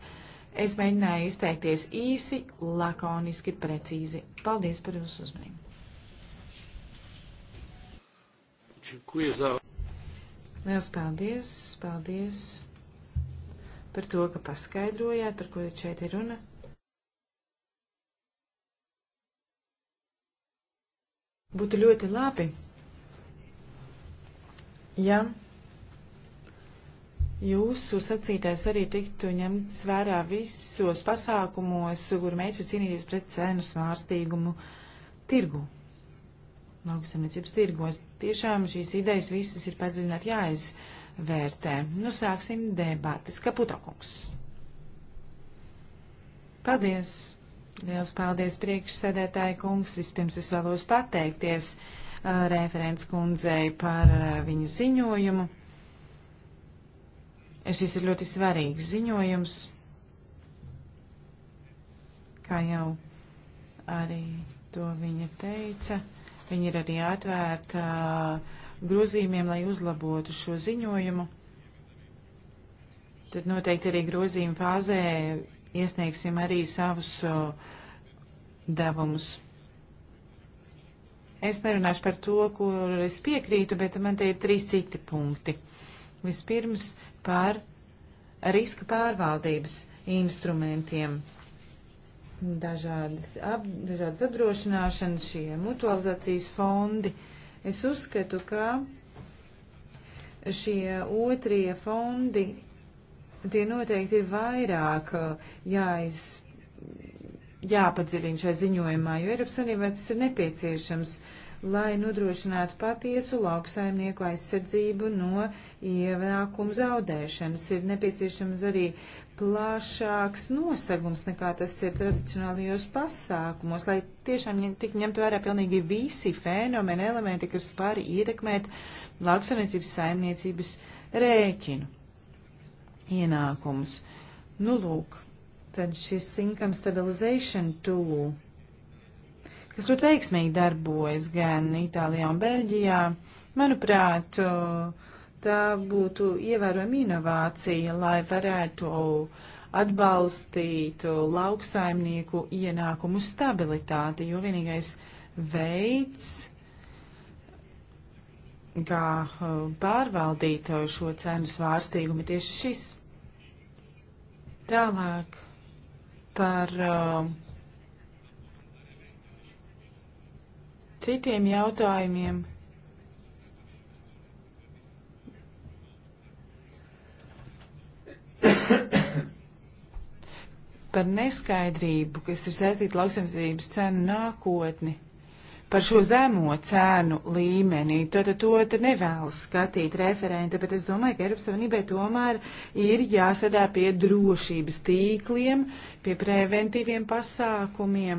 es mēģināju izteikties īsi, lakoniski, precīzi. Paldies par jūsu uzmanību. Liels paldies, paldies par to, ka paskaidrojāt, par ko šeit ir runa. Būtu ļoti labi, ja jūsu sacītais arī tiktu ņemts vērā visos pasākumos, kur mērķis cīnīties pret cenu svārstīgumu tirgu lauksamniecības tirgos. Tiešām šīs idejas visas ir padziļināti jāizvērtē. Nu, sāksim debatas. Kaputokungs. Paldies! Liels paldies priekšsēdētāji kungs. Vispirms es vēlos pateikties uh, referents kundzei par uh, viņu ziņojumu. Šis ir ļoti svarīgs ziņojums, kā jau arī to viņa teica. Uh, Viņi ir arī atvērta grozījumiem, lai uzlabotu šo ziņojumu. Tad noteikti arī grozījuma fāzē iesniegsim arī savus devumus. Es nerunāšu par to, kur es piekrītu, bet man te ir trīs citi punkti. Vispirms par riska pārvaldības instrumentiem dažādas, ap, dažādas apdrošināšanas, šie mutualizācijas fondi. Es uzskatu, ka šie otrie fondi, tie noteikti ir vairāk uh, jāiz, jāpadziļina šai ziņojumā, jo Eiropas Savienībā tas ir nepieciešams, lai nodrošinātu patiesu lauksaimnieku aizsardzību no ienākumu zaudēšanas. Ir nepieciešams arī uh, plašāks nosegums nekā tas ir tradicionālajos pasākumos, lai tiešām tik ņemt vērā pilnīgi visi fenomeni, elementi, kas var ietekmēt lauksaimniecības saimniecības rēķinu ienākumus. Nu, lūk, tad šis income stabilization tool, kas ļoti veiksmīgi darbojas gan Itālijā un Beļģijā, manuprāt, uh, tā būtu ievērojama inovācija, lai varētu atbalstīt lauksaimnieku ienākumu stabilitāti, jo vienīgais veids, kā uh, pārvaldīt šo cenu svārstīgumu, tieši šis. Tālāk par uh, citiem jautājumiem. par neskaidrību, kas ir saistīta lauksaimniecības cenu nākotni, par šo zemo cēnu līmenī. Tātad to te nevēlas skatīt referenti, bet es domāju, ka Eiropas Savienībai tomēr ir jāsadā pie drošības tīkliem, pie preventīviem pasākumiem,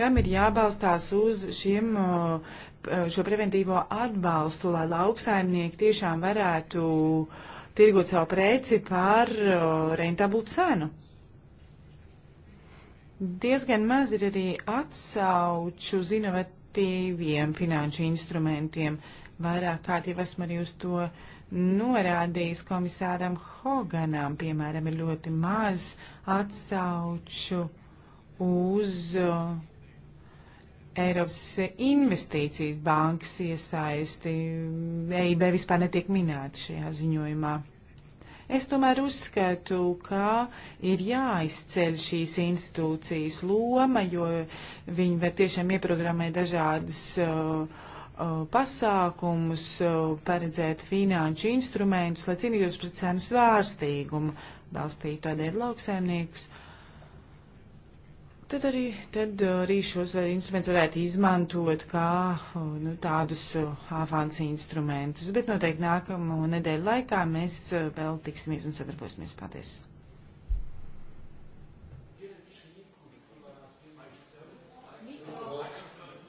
kam ir jābalstās uz šiem, šo preventīvo atbalstu, lai lauksaimnieki tiešām varētu uh, tirgot savu preci par rentablu cenu. Diezgan maz ir arī atsauču uz inovatīviem finanšu instrumentiem. Vairāk kārt jau esmu arī uz to norādījis komisāram Hoganam, piemēram, ir ļoti maz atsauču uz uh, Eiropas investīcijas bankas iesaisti. EIB vispār netiek minēta šajā ziņojumā. Es tomēr uzskatu, ka ir jāizceļ šīs institūcijas loma, jo viņi var tiešām ieprogrammēt dažādas uh, uh pasākumus, uh, paredzēt finanšu instrumentus, lai cīnītos pret cenu svārstīgumu, balstīt tādēļ lauksaimniekus Tad arī tad uh, arī šos uh, instrumentus varētu izmantot kā uh, nu, tādus avansu instrumentus. Bet noteikti nākamo nedēļu laikā mēs vēl tiksimies un sadarbosimies. Paldies!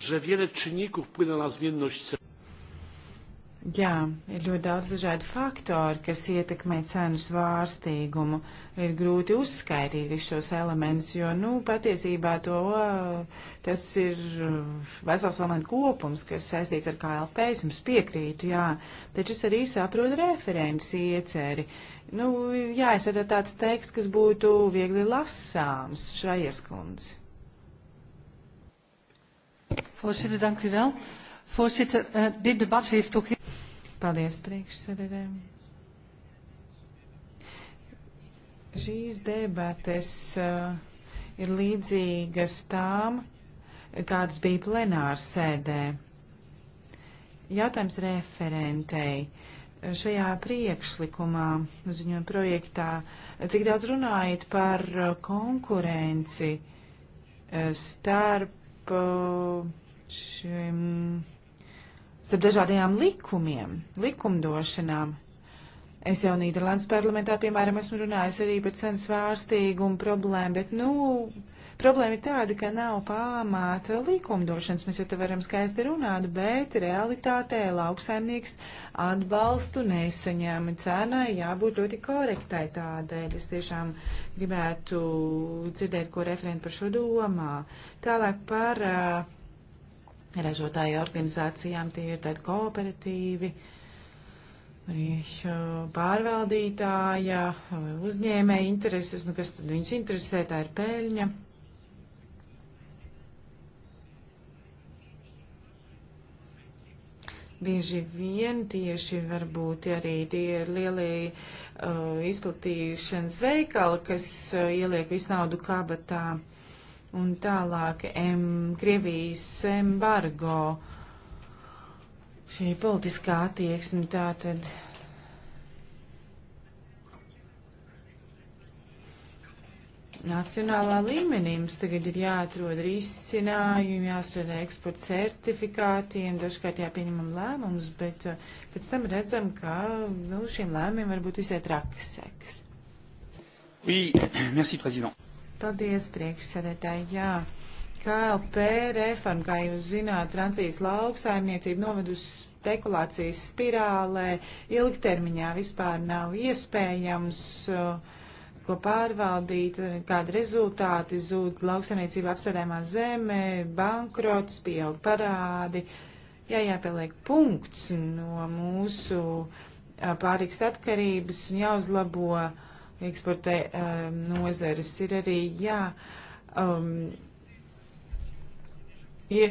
że wiele czynników wpływa na zmienność cen. Jā, ir ļoti daudz dažādu faktoru, kas ietekmē cenu svārstīgumu. Ir grūti uzskaitīt visus šos elementus, jo, nu, patiesībā to, tas ir vesels elementu kopums, kas saistīts ar KLP, es jums piekrītu, jā. Taču es arī saprotu referents ieceri. Nu, jā, es redzu tāds teksts, kas būtu viegli lasāms šajers kundze. Voorzitter, dank u wel. Voorzitter, uh, dit debat heeft ook. Paldies priekšsēdētājiem. Šīs debates uh, ir līdzīgas tām, kāds bija plenāra sēdē. Jautājums referentei. Šajā priekšlikumā, ziņojuma projektā, cik daudz runājat par uh, konkurenci uh, starp uh, šim starp dažādajām likumiem, likumdošanām. Es jau Nīderlandes parlamentā, piemēram, esmu runājis arī par cenu svārstīgumu problēmu, bet, nu, problēma ir tāda, ka nav pamāta likumdošanas. Mēs jau te varam skaisti runāt, bet realitātē lauksaimnieks atbalstu nesaņēma. Cenai jābūt ļoti korektai tādēļ. Es tiešām gribētu dzirdēt, ko referenti par šo domā. Tālāk par uh, ražotāju organizācijām. Tie ir tādi kooperatīvi, pārvaldītāja, uzņēmēja intereses, nu kas tad viņus interesē, tā ir peļņa. bieži vien tieši varbūt arī tie ir lielie uh, izplatīšanas veikali, kas uh, ieliek visu naudu kabatā. Un tālāk em, Krievijas embargo, šī politiskā attieksme tā tad. Nacionālā līmenī mums tagad ir jāatrod risinājumi, jāsarada eksporta certifikātiem, dažkārt jāpieņemam lēmums, bet eh, pēc tam redzam, ka nu, šiem lēmumiem var būt visai trakas seks. Oui, merci, président. Paldies, priekšsēdētāji. Jā. KLP reforma, kā jūs zināt, Francijas lauksaimniecība noved uz spekulācijas spirālē, ilgtermiņā vispār nav iespējams, uh, ko pārvaldīt, kāda rezultāti zūd lauksaimniecība apsarēmā zeme, bankrots, pieaug parādi. Jā, jāpieliek punkts no mūsu uh, pārīks atkarības un jāuzlabo. Uh, eksportē um, nozares, ir arī jā. Um, ie,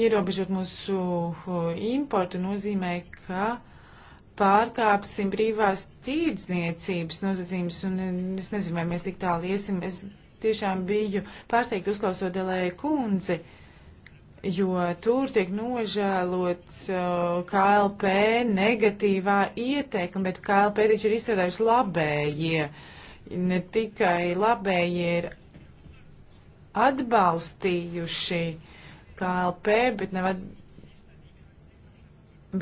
ierobežot mūsu uh, importu nozīmē, ka pārkāpsim brīvās tīrdzniecības nozīmes, un um, es nezinu, vai mēs tik tālu iesim. Es tiešām biju pārsteigta uzklausot Delēju kundzi. Uh, jo tur tiek nožēlots uh, KLP negatīvā ieteikuma, bet KLP taču ir izstrādājuši labējie. Ne tikai labējie ir atbalstījuši KLP, bet nevar.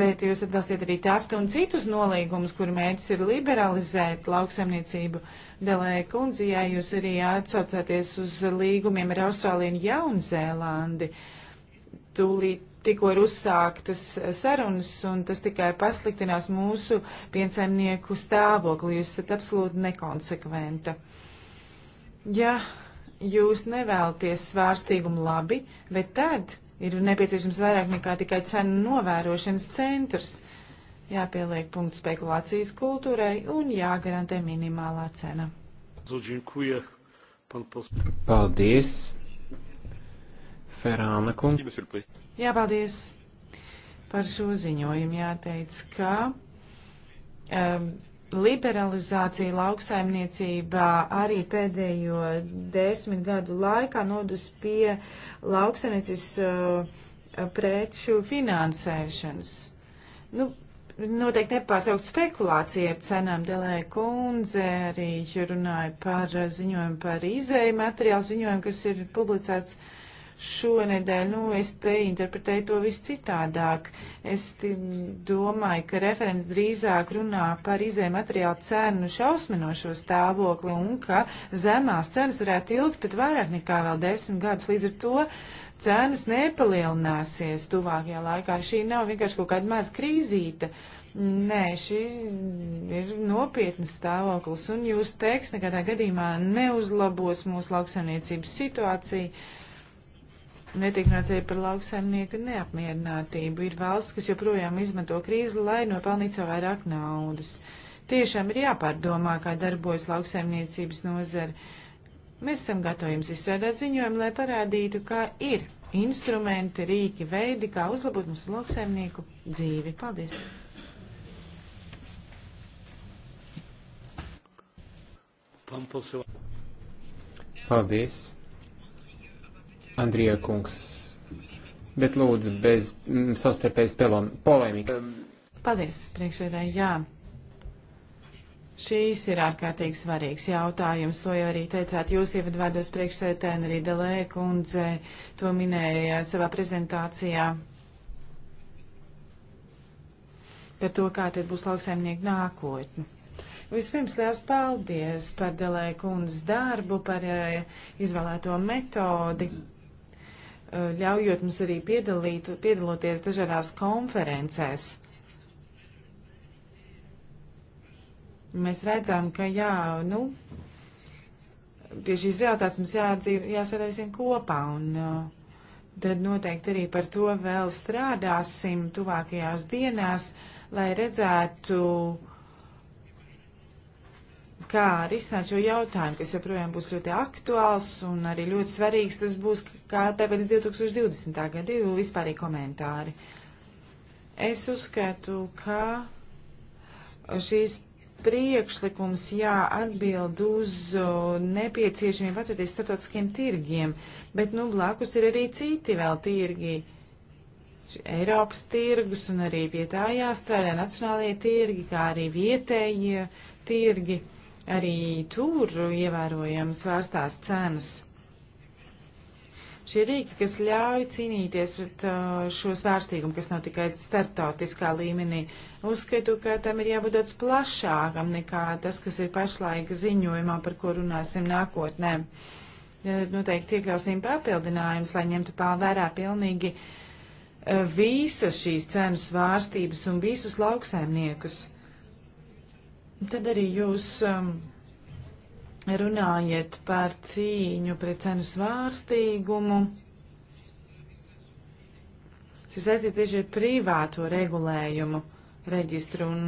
Bet jūs atbalstiet arī taftu un citus nolīgumus, kur mērķis ir liberalizēt lauksaimniecību. Delē kundzi, jā, jūs arī atsaucāties uz līgumiem ar Austrāliju un Jaunzēlandi. Uh, tūlīt tikko ir uzsāktas sarunas, un tas tikai pasliktinās mūsu piensaimnieku stāvokli. Jūs esat absolūti nekonsekventa. Ja jūs nevēlaties svārstīgumu labi, bet tad ir nepieciešams vairāk nekā tikai cenu novērošanas centrs. Jāpieliek punktu spekulācijas kultūrai un jāgarantē minimālā cena. Paldies! Ferāna kungs. Jā, paldies par šo ziņojumu. Jāteic, ka um, liberalizācija lauksaimniecībā arī pēdējo desmit gadu laikā nodas pie lauksaimniecības uh, preču finansēšanas. Nu, noteikti nepārtraukt spekulācija ar cenām. Delē kundze arī runāja par ziņojumu par izēju materiālu ziņojumu, kas ir publicēts šonedēļ, nu, es te interpretēju to visu citādāk. Es domāju, ka referents drīzāk runā par izēju materiālu cenu šausminošo stāvokli un ka zemās cenas varētu ilgt pat vairāk nekā vēl desmit gadus. Līdz ar to cenas nepalielināsies tuvākajā laikā. Šī nav vienkārši kaut kāda maza krīzīta. Nē, šis ir nopietnas stāvoklis, un jūsu teiks nekādā gadījumā neuzlabos mūsu lauksaimniecības situāciju. Uh, Netiknāts arī par lauksaimnieku neapmierinātību. Ir valsts, kas joprojām izmanto krīzi, lai nopelnītu sev vairāk naudas. Tiešām ir jāpārdomā, kā darbojas lauksaimniecības nozara. Mēs esam gatavi jums izstrādāt ziņojumu, lai parādītu, kā ir instrumenti, rīki, veidi, kā uzlabot mūsu lauksaimnieku dzīvi. Paldies! Paldies! Andrija kungs, bet lūdzu bez mm, savstarpējas polēmikas. Um, paldies, priekšsēdēji, jā. Šīs ir ārkārtīgi svarīgs jautājums, to jau arī teicāt jūs ievadvārdos priekšsētēn, arī Delē kundze to minēja savā prezentācijā par to, kā tad būs lauksaimnieku nākotne. Vispirms liels paldies par Delē kundzes darbu, par eh, izvēlēto metodi. Mm Eh, ļaujot mums arī piedalīt, piedaloties dažādās konferencēs. Mēs redzam, ka jā, nu, pie šīs realitātes mums jādzīv, jāsadēsim kopā un uh, tad noteikti arī par to vēl strādāsim tuvākajās dienās, lai redzētu, kā risināt šo jautājumu, kas joprojām būs ļoti aktuāls un arī ļoti svarīgs. Tas būs kā pēc 2020. gada divi vispārīgi komentāri. Es uzskatu, ka šīs priekšlikums jāatbild uz nepieciešamību atvērt starptautiskiem tirgiem, bet nu blakus ir arī citi vēl tirgi. Eiropas tirgus un arī pie tā jāstrādā nacionālajie tirgi, kā arī vietējie tirgi. Uh, Arī tur ievērojams vērstās cenas. Šie rīki, kas ļauj cīnīties pret uh, šo svārstīgumu, kas nav tikai starptautiskā līmenī, uzskatu, ka tam ir jābūt daudz plašākam nekā tas, kas ir pašlaika ziņojumā, par ko runāsim nākotnē. Noteikti iekļausim papildinājumus, lai ņemtu pārvērā pilnīgi uh, visas šīs cenu svārstības un visus lauksaimniekus. Tad arī jūs um, runājiet par cīņu pret cenu svārstīgumu. Tas saistīts tieši ar privāto regulējumu reģistru. Un,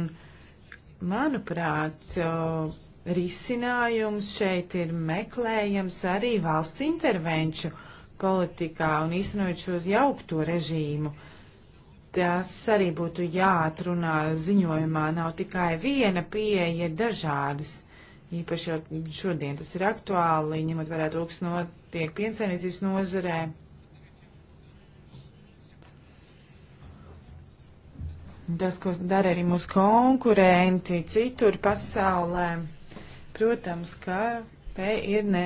manuprāt, uh, risinājums šeit ir meklējams arī valsts intervenču politikā un īstenojot šos jaukto režīmu. Uh, tas arī būtu jāatrunā ziņojumā. Nav tikai viena pieeja, ir dažādas. Īpaši šodien tas ir aktuāli, ņemot vērā to, kas notiek piensainīzijas nozarē. Tas, ko dara arī mūsu konkurenti citur pasaulē, protams, ka Te ir ne,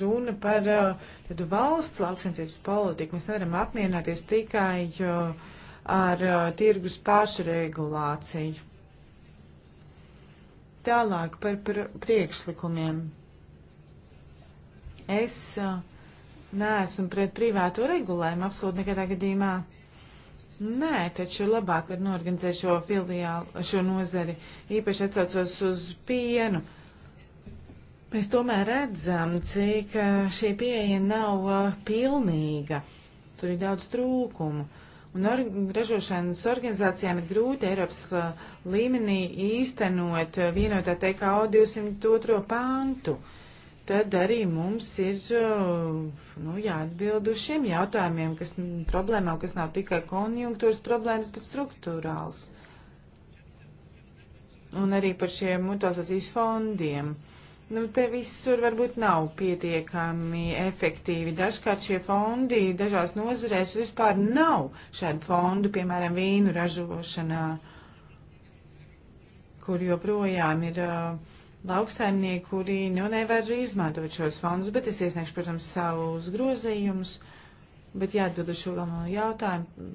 runa par uh, tādu valsts lauksaimniecības politiku. Mēs nevaram apmierināties tikai uh, ar uh, tirgus pašregulāciju. Tālāk par pr priekšlikumiem. Es neesmu pret privāto regulējumu absolūti nekādā gadījumā. Nē, taču labāk var norganizēt šo filiālu, šo nozari, īpaši atcaucos uz pienu. Uh, Mēs tomēr redzam, cik šī pieeja nav pilnīga. Tur ir daudz trūkumu. Un or ražošanas organizācijām ir grūti Eiropas līmenī īstenot vienotā TKO 202. pāntu. Tad arī mums ir nu, jāatbild uz šiem jautājumiem, kas problēmām, kas nav tikai konjunktūras problēmas, bet struktūrāls. Un arī par šiem mutācijas fondiem. Uh, Nu, te visur varbūt nav pietiekami efektīvi. Dažkārt šie fondi dažās nozarēs vispār nav šādu fondu, piemēram, vīnu ražošanā, kur joprojām ir uh, lauksaimnieki, kuri nu, nevar izmantot šos fondus, bet es iesniegšu, protams, savus grozījumus, bet jāatbild uz šo galveno jautājumu,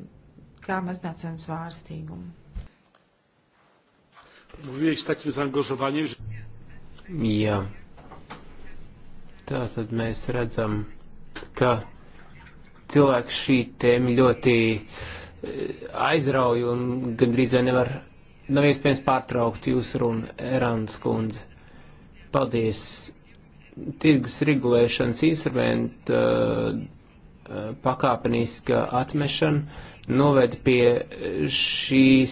kā mazināt cenu svārstīgumu. Mówiłeś takim zaangażowaniem, że Jā. Tā tad mēs redzam, ka cilvēks šī tēma ļoti eh, aizrauja un gandrīz nevar, nav iespējams pārtraukt jūsu runu, Erāns kundze. Paldies! Tirgus regulēšanas instrumenta eh, pakāpeniska atmešana noved pie šīs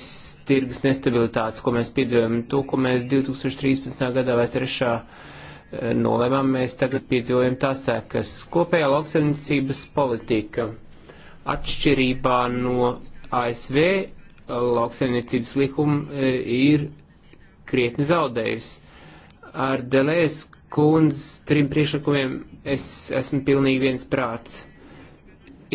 tirgus nestabilitātes, ko mēs piedzīvojam. To, ko mēs 2013. gadā vai 3. Eh, nolēmām, mēs tagad piedzīvojam tās sekas. Kopējā lauksaimniecības politika atšķirībā no ASV lauksaimniecības likuma eh, ir krietni zaudējusi. Ar Delēs kundzes trim priekšlikumiem es esmu pilnīgi viens prāts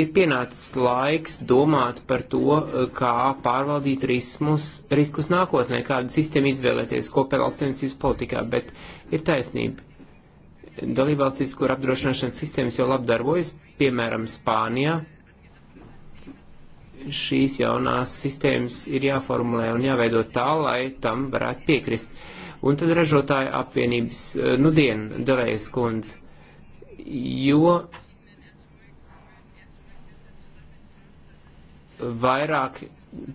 ir pienācis laiks domāt par to, eh, kā pārvaldīt rismus, riskus nākotnē, kādu sistēmu izvēlēties kopējā lauksaimniecības politikā, bet ir taisnība. Dalībvalstīs, kur apdrošināšanas sistēmas jau labi darbojas, piemēram, Spānijā, šīs jaunās sistēmas ir jāformulē un jāveido tā, lai tam varētu piekrist. Un tad ražotāja apvienības, eh, nu dien, Dalējas kundze, jo vairāk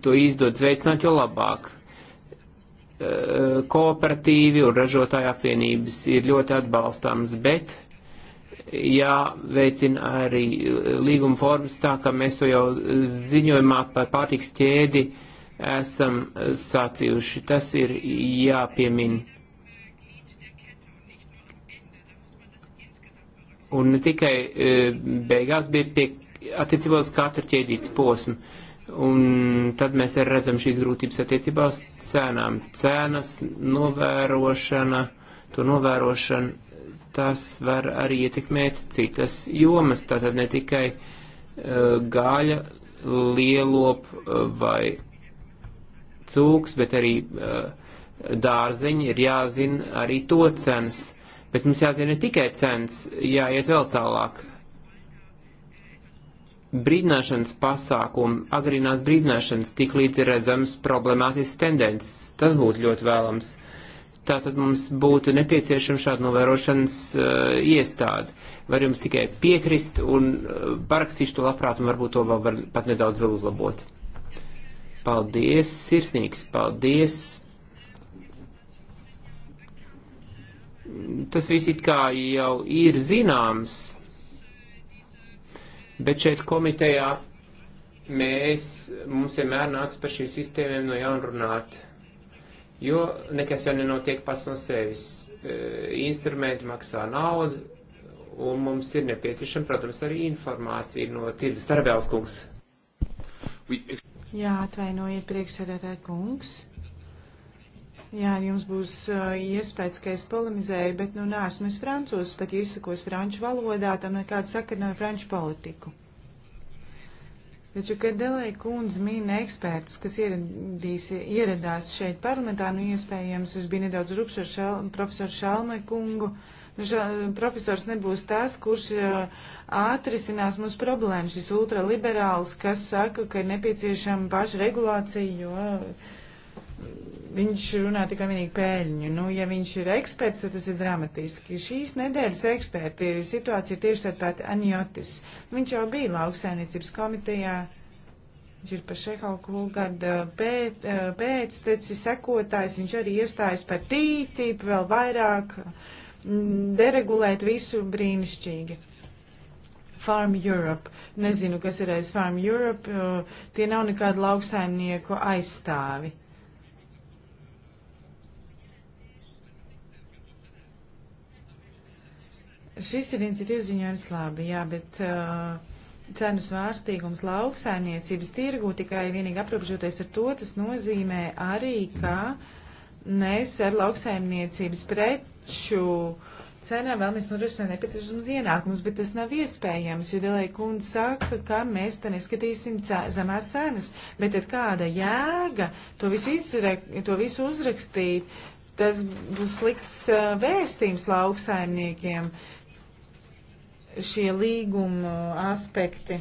to izdodas veicināt, jo labāk. E, kooperatīvi un ražotāja apvienības ir ļoti atbalstāmas, bet jāveicina arī līguma formas tā, ka mēs to jau ziņojumā par pārtiks ķēdi esam sacījuši. Tas ir jāpiemina. Un ne tikai e, beigās bija pie attiecībā uz katru ķēdītas posmu. Un tad mēs arī redzam šīs grūtības attiecībā uz cenām. Cenas, novērošana, to novērošana, tas var arī ietekmēt citas jomas, tātad ne tikai uh, eh, gaļa, lielop eh, vai cūks, bet arī uh, dārzeņi ir jāzina arī to cenas. Bet mums jāzina ne tikai cenas, jāiet vēl tālāk brīdināšanas pasākumi, agrīnās brīdināšanas, tik līdz ir redzams problemātisks tendences. Tas būtu ļoti vēlams. Tātad mums būtu nepieciešama šāda novērošanas uh, iestāde. Var jums tikai piekrist un uh, parakstīšu to labprāt un varbūt to vēl var pat nedaudz vēl uzlabot. Paldies, sirsnīgs, paldies. Tas viss it kā jau ir zināms Bet šeit komitejā mēs, mums vienmēr nāks par šīm sistēmiem no jauna runāt, jo nekas jau nenotiek pats no sevis. E, instrumenti maksā naudu, un mums ir nepieciešama, protams, arī informācija no tirgus darbēls kungs. Jā, atvainojiet priekšsēdētāji kungs. Jā, jums būs uh, iespējas, ka es polemizēju, bet nu neesmu es francūzs, pat izsakos franču valodā, tam nekāda sakara nav no franču politiku. Taču, kad Delēja kundze mina ekspertus, kas ieradīs, ieradās šeit parlamentā, nu iespējams, es biju nedaudz rupšs ar šal, profesoru Šalmai kungu. Nu, ša, profesors nebūs tas, kurš uh, atrisinās mūsu problēmu, šis ultraliberāls, kas saka, ka ir nepieciešama pašregulācija, jo. Uh, viņš runā tikai vienīgi pēļņu. Nu, ja viņš ir eksperts, tad tas ir dramatiski. Šīs nedēļas eksperti situācija ir tieši tāda pati Anjotis. Viņš jau bija lauksainiecības komitejā. Viņš ir par Šehau Kulgarda eh, pēc, eh, pēcteci sekotājs. Viņš arī iestājas par tītību vēl vairāk mm, deregulēt visu brīnišķīgi. Farm Europe. Nezinu, kas ir aiz Farm Europe. Tie nav nekādi lauksaimnieku aizstāvi. Uh, Šis ir iniciatīvas ziņojums labi, jā, bet uh, cenu svārstīgums lauksaimniecības tirgu tikai vienīgi aprobežoties ar to, tas nozīmē arī, ka mēs ar lauksaimniecības preču cenām vēlamies nodrošināt nepieciešamus ienākumus, bet tas nav iespējams, jo Vilēja kundze saka, ka mēs te neskatīsim zemās cenas, bet tad kāda jēga to visu, izcire, to visu uzrakstīt, tas būs slikts uh, vēstījums lauksaimniekiem. Uh, šie līguma aspekti.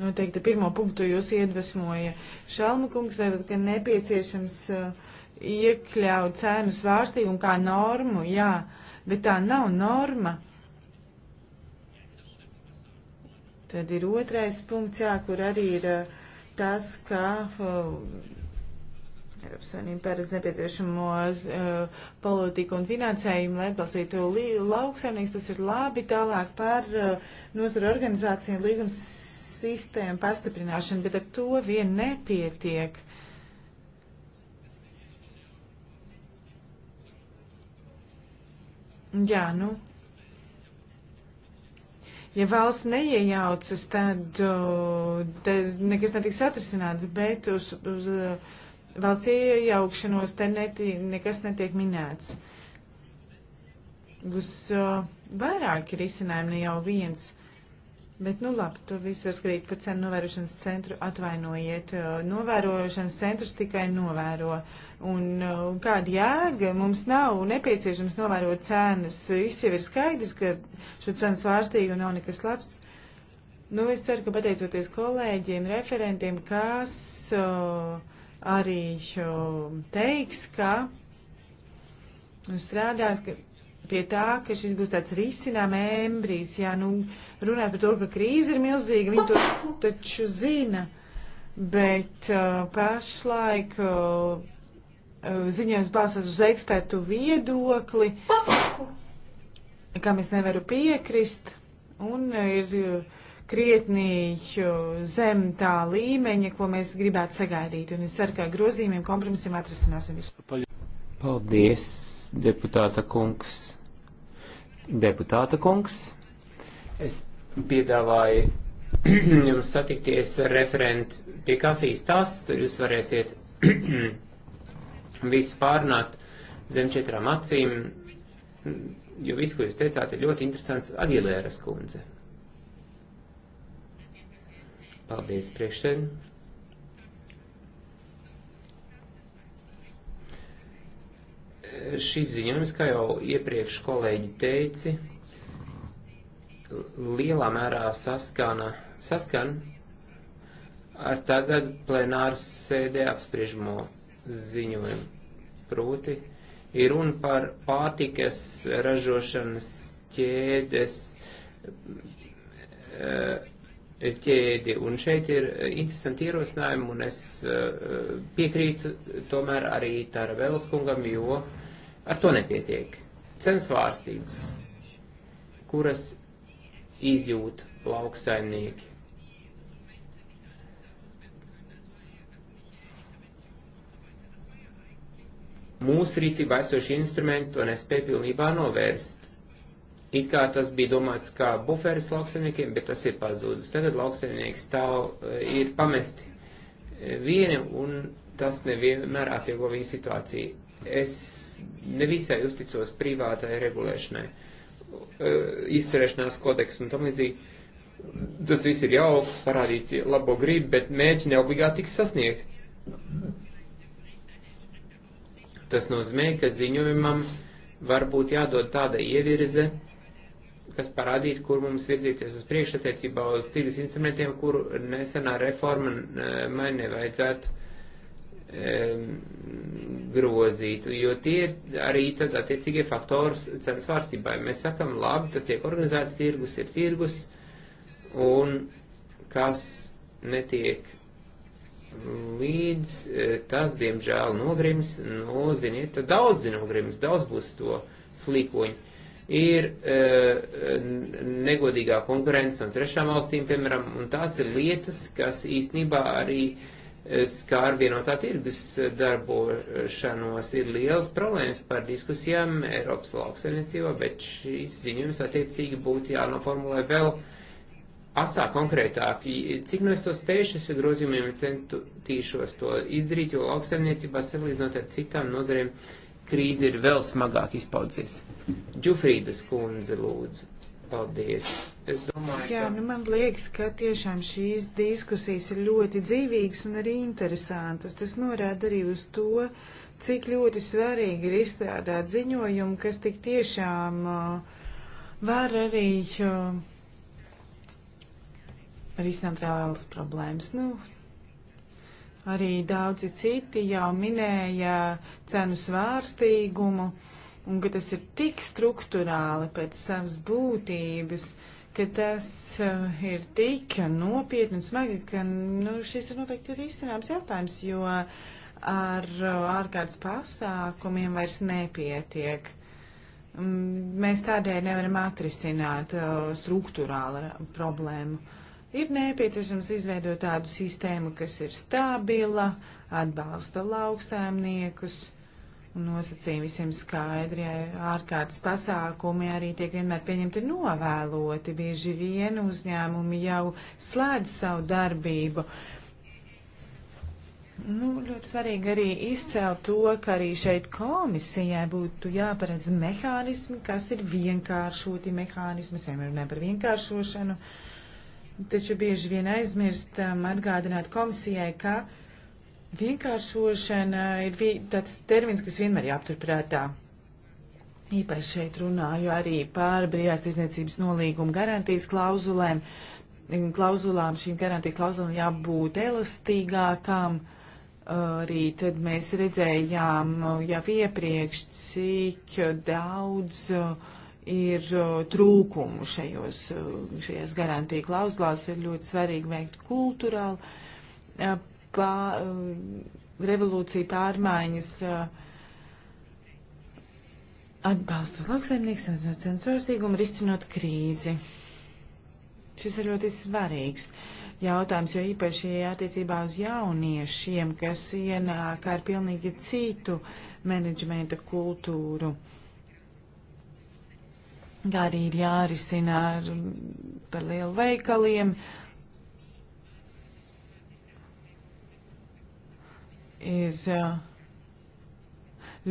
Noteikti pirmo punktu jūs iedvesmoja Šalmukungs, tātad, ka nepieciešams uh, iekļaut cēnu svārstīgumu kā normu, jā, bet tā nav norma. Tad ir otrais punkts, jā, kur arī ir uh, tas, ka uh, Eiropas Savienība paredz nepieciešamos uh, eh, politiku un finansējumu, lai atbalstītu lauksaimnieks, tas ir labi. Tālāk par uh, nozara organizāciju līgums sistēmu pastiprināšanu, bet ar to vien nepietiek. Jā, nu, ja valsts neiejaucas, tad, eh, tad nekas netiks atrisināts, bet uz, uz, uz valsts iejaukšanos te neti, nekas netiek minēts. Būs uh, vairāki risinājumi, ne jau viens. Bet, nu labi, to visu var skatīt par cenu novērošanas centru. Atvainojiet, uh, novērošanas centrs tikai novēro. Un uh, kāda jēga mums nav nepieciešams novērot cenas. Viss jau ir skaidrs, ka šo cenu svārstīgu nav nekas labs. Nu, es ceru, ka pateicoties kolēģiem, referentiem, kas. Uh, arī teiks, ka strādās pie tā, ka šis būs tāds risinājuma embrijs. Jā, nu, runāja par to, ka krīze ir milzīga, viņi to taču zina, bet uh, pašlaik uh, ziņojums balstās uz ekspertu viedokli, kam es nevaru piekrist, un ir uh, krietnī zem tā līmeņa, ko mēs gribētu sagaidīt. Un es ceru, ka grozījumiem kompromisiem atrastināsim visu. Paldies, deputāta kungs. Deputāta kungs, es piedāvāju jums satikties ar referentu pie kafijas tas, tur jūs varēsiet visu pārnāt zem četrām acīm, jo viss, ko jūs teicāt, ir ļoti interesants Agilēras kundze. Paldies, priekšsēd. Šis ziņojums, kā jau iepriekš kolēģi teici, lielā mērā saskana, saskana ar tagad plenāras sēdē apspriežamo ziņojumu. Proti, ir runa par pārtikas ražošanas ķēdes e, ķēdi. Un šeit ir e, interesanti ierosinājumi, un es e, e, piekrītu tomēr arī Tāra Vēlskungam, jo ar to nepietiek. Cenas vārstības, kuras izjūt lauksaimnieki. Mūsu rīcībā esošie instrumenti to nespēja pilnībā novērst. It kā tas bija domāts kā buferis lauksaimniekiem, bet tas ir pazudis. Tagad lauksaimnieki stāv, eh, ir pamesti eh, vieni, un tas nevienmēr atvieglo viņu situāciju. Es nevisai uzticos privātai regulēšanai, eh, izturēšanās kodeksu un tam līdzīgi. Tas viss ir jauki, parādīt labo gribu, bet mēģi neobligāti tiks sasniegt. Tas nozīmē, ka ziņojumam var būt jādod tāda ievirze, kas parādītu, kur mums virzīties uz priekšu attiecībā uz tirgus instrumentiem, kur nesenā reforma eh, man nevajadzētu grozīt, jo tie ir arī tad attiecīgie faktori cenas vārstībai. Mēs sakam, labi, tas tiek organizēts, tirgus ir tirgus, un kas netiek līdz eh, tas, diemžēl, nogrims, no, nu, ziniet, daudz nogrims, daudz būs to slīkoņu ir e, negodīgā konkurence no trešām valstīm, piemēram, un tās ir lietas, kas īstenībā arī eh, skār vienotā tirgus darbošanos. Ir liels problēmas par diskusijām Eiropas lauksaimniecībā, bet šīs ziņojums attiecīgi būtu jānoformulē vēl asā konkrētāk. Cik no es to spējušas grozījumiem centīšos to izdarīt, jo lauksaimniecībā salīdzinot ar citām nozarēm krīze ir vēl smagāk izpaudzies. Džufrīdas kundze lūdzu. Paldies. Es domāju, Jā, ka... nu man liekas, ka tiešām šīs diskusijas ir ļoti dzīvīgas un arī interesantas. Tas norāda arī uz to, cik ļoti svarīgi ir izstrādāt ziņojumu, kas tik tiešām uh, var arī uh, risināt reālas problēmas. Nu, Arī daudzi citi jau minēja cenu svārstīgumu un ka tas ir tik struktūrāli pēc savas būtības, ka tas uh, ir tik nopietni un smagi, ka nu, šis ir noteikti risināms jautājums, jo ar ārkārtas pasākumiem vairs nepietiek. Mm, mēs tādēļ nevaram atrisināt uh, eh, struktūrālu problēmu. Ir nepieciešams izveidot tādu sistēmu, kas ir stabila, atbalsta lauksēmniekus un nosacījumi visiem skaidri, ārkārtas pasākumi arī tiek vienmēr pieņemti novēloti. Bieži vien uzņēmumi jau slēdz savu darbību. Nu, ļoti svarīgi arī izcelt to, ka arī šeit komisijai būtu jāparedz mehānismi, kas ir vienkāršoti mehānismi, es vienmēr runāju par vienkāršošanu. Uh, Taču bieži vien aizmirstam atgādināt komisijai, ka vienkāršošana ir tāds termins, kas vienmēr jāapturprātā. Īpaši šeit runāju arī par brīvās tiesniecības nolīgumu garantijas klauzulēm. Klauzulām šīm garantijas klauzulām jābūt elastīgākām. Arī tad mēs redzējām jau iepriekš, cik daudz uh, ir trūkumu šajos, šajās garantija klauzulās. Ir ļoti svarīgi veikt kulturāli pā, revolūciju pārmaiņas. Atbalstot lauksaimnieks un no cenas vērstīgumu, risinot krīzi. Šis ir ļoti svarīgs jautājums, jo īpaši attiecībā uz jauniešiem, kas ienāk ar pilnīgi citu menedžmenta kultūru. Uh, kā arī ir jārisina ar, par lielu veikaliem. Ir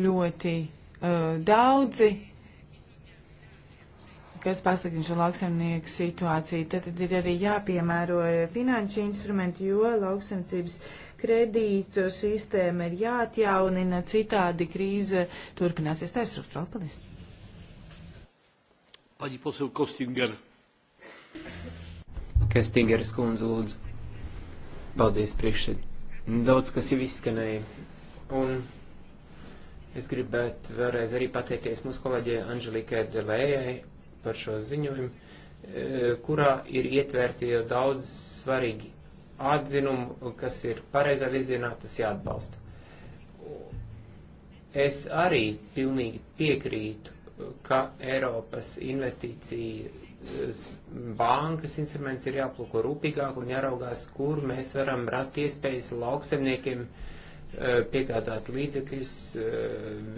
ļoti uh, daudzi kas pasliktina šo lauksaimnieku situāciju. Tad, tad ir arī jāpiemēro finanšu instrumenti, jo lauksaimniecības kredītu sistēma ir jāatjaunina, citādi krīze turpināsies. Tā ir struktūra. Paldies! Paņi posēl Kostinger. Kestingeras kundze lūdzu. Paldies priekšsēd. Daudz, kas jau izskanēja. Un es gribētu vēlreiz arī pateikties mūsu kolēģē Anželikai Delējai par šo ziņojumu, e, kurā ir ietverti jau daudz svarīgi atzinumu, kas ir pareizā virzienā, tas jāatbalsta. Es arī pilnīgi piekrītu ka Eiropas investīcijas bankas instruments ir jāplūko rūpīgāk un jāraugās, kur mēs varam rast iespējas lauksemniekiem e, piegādāt līdzekļus e,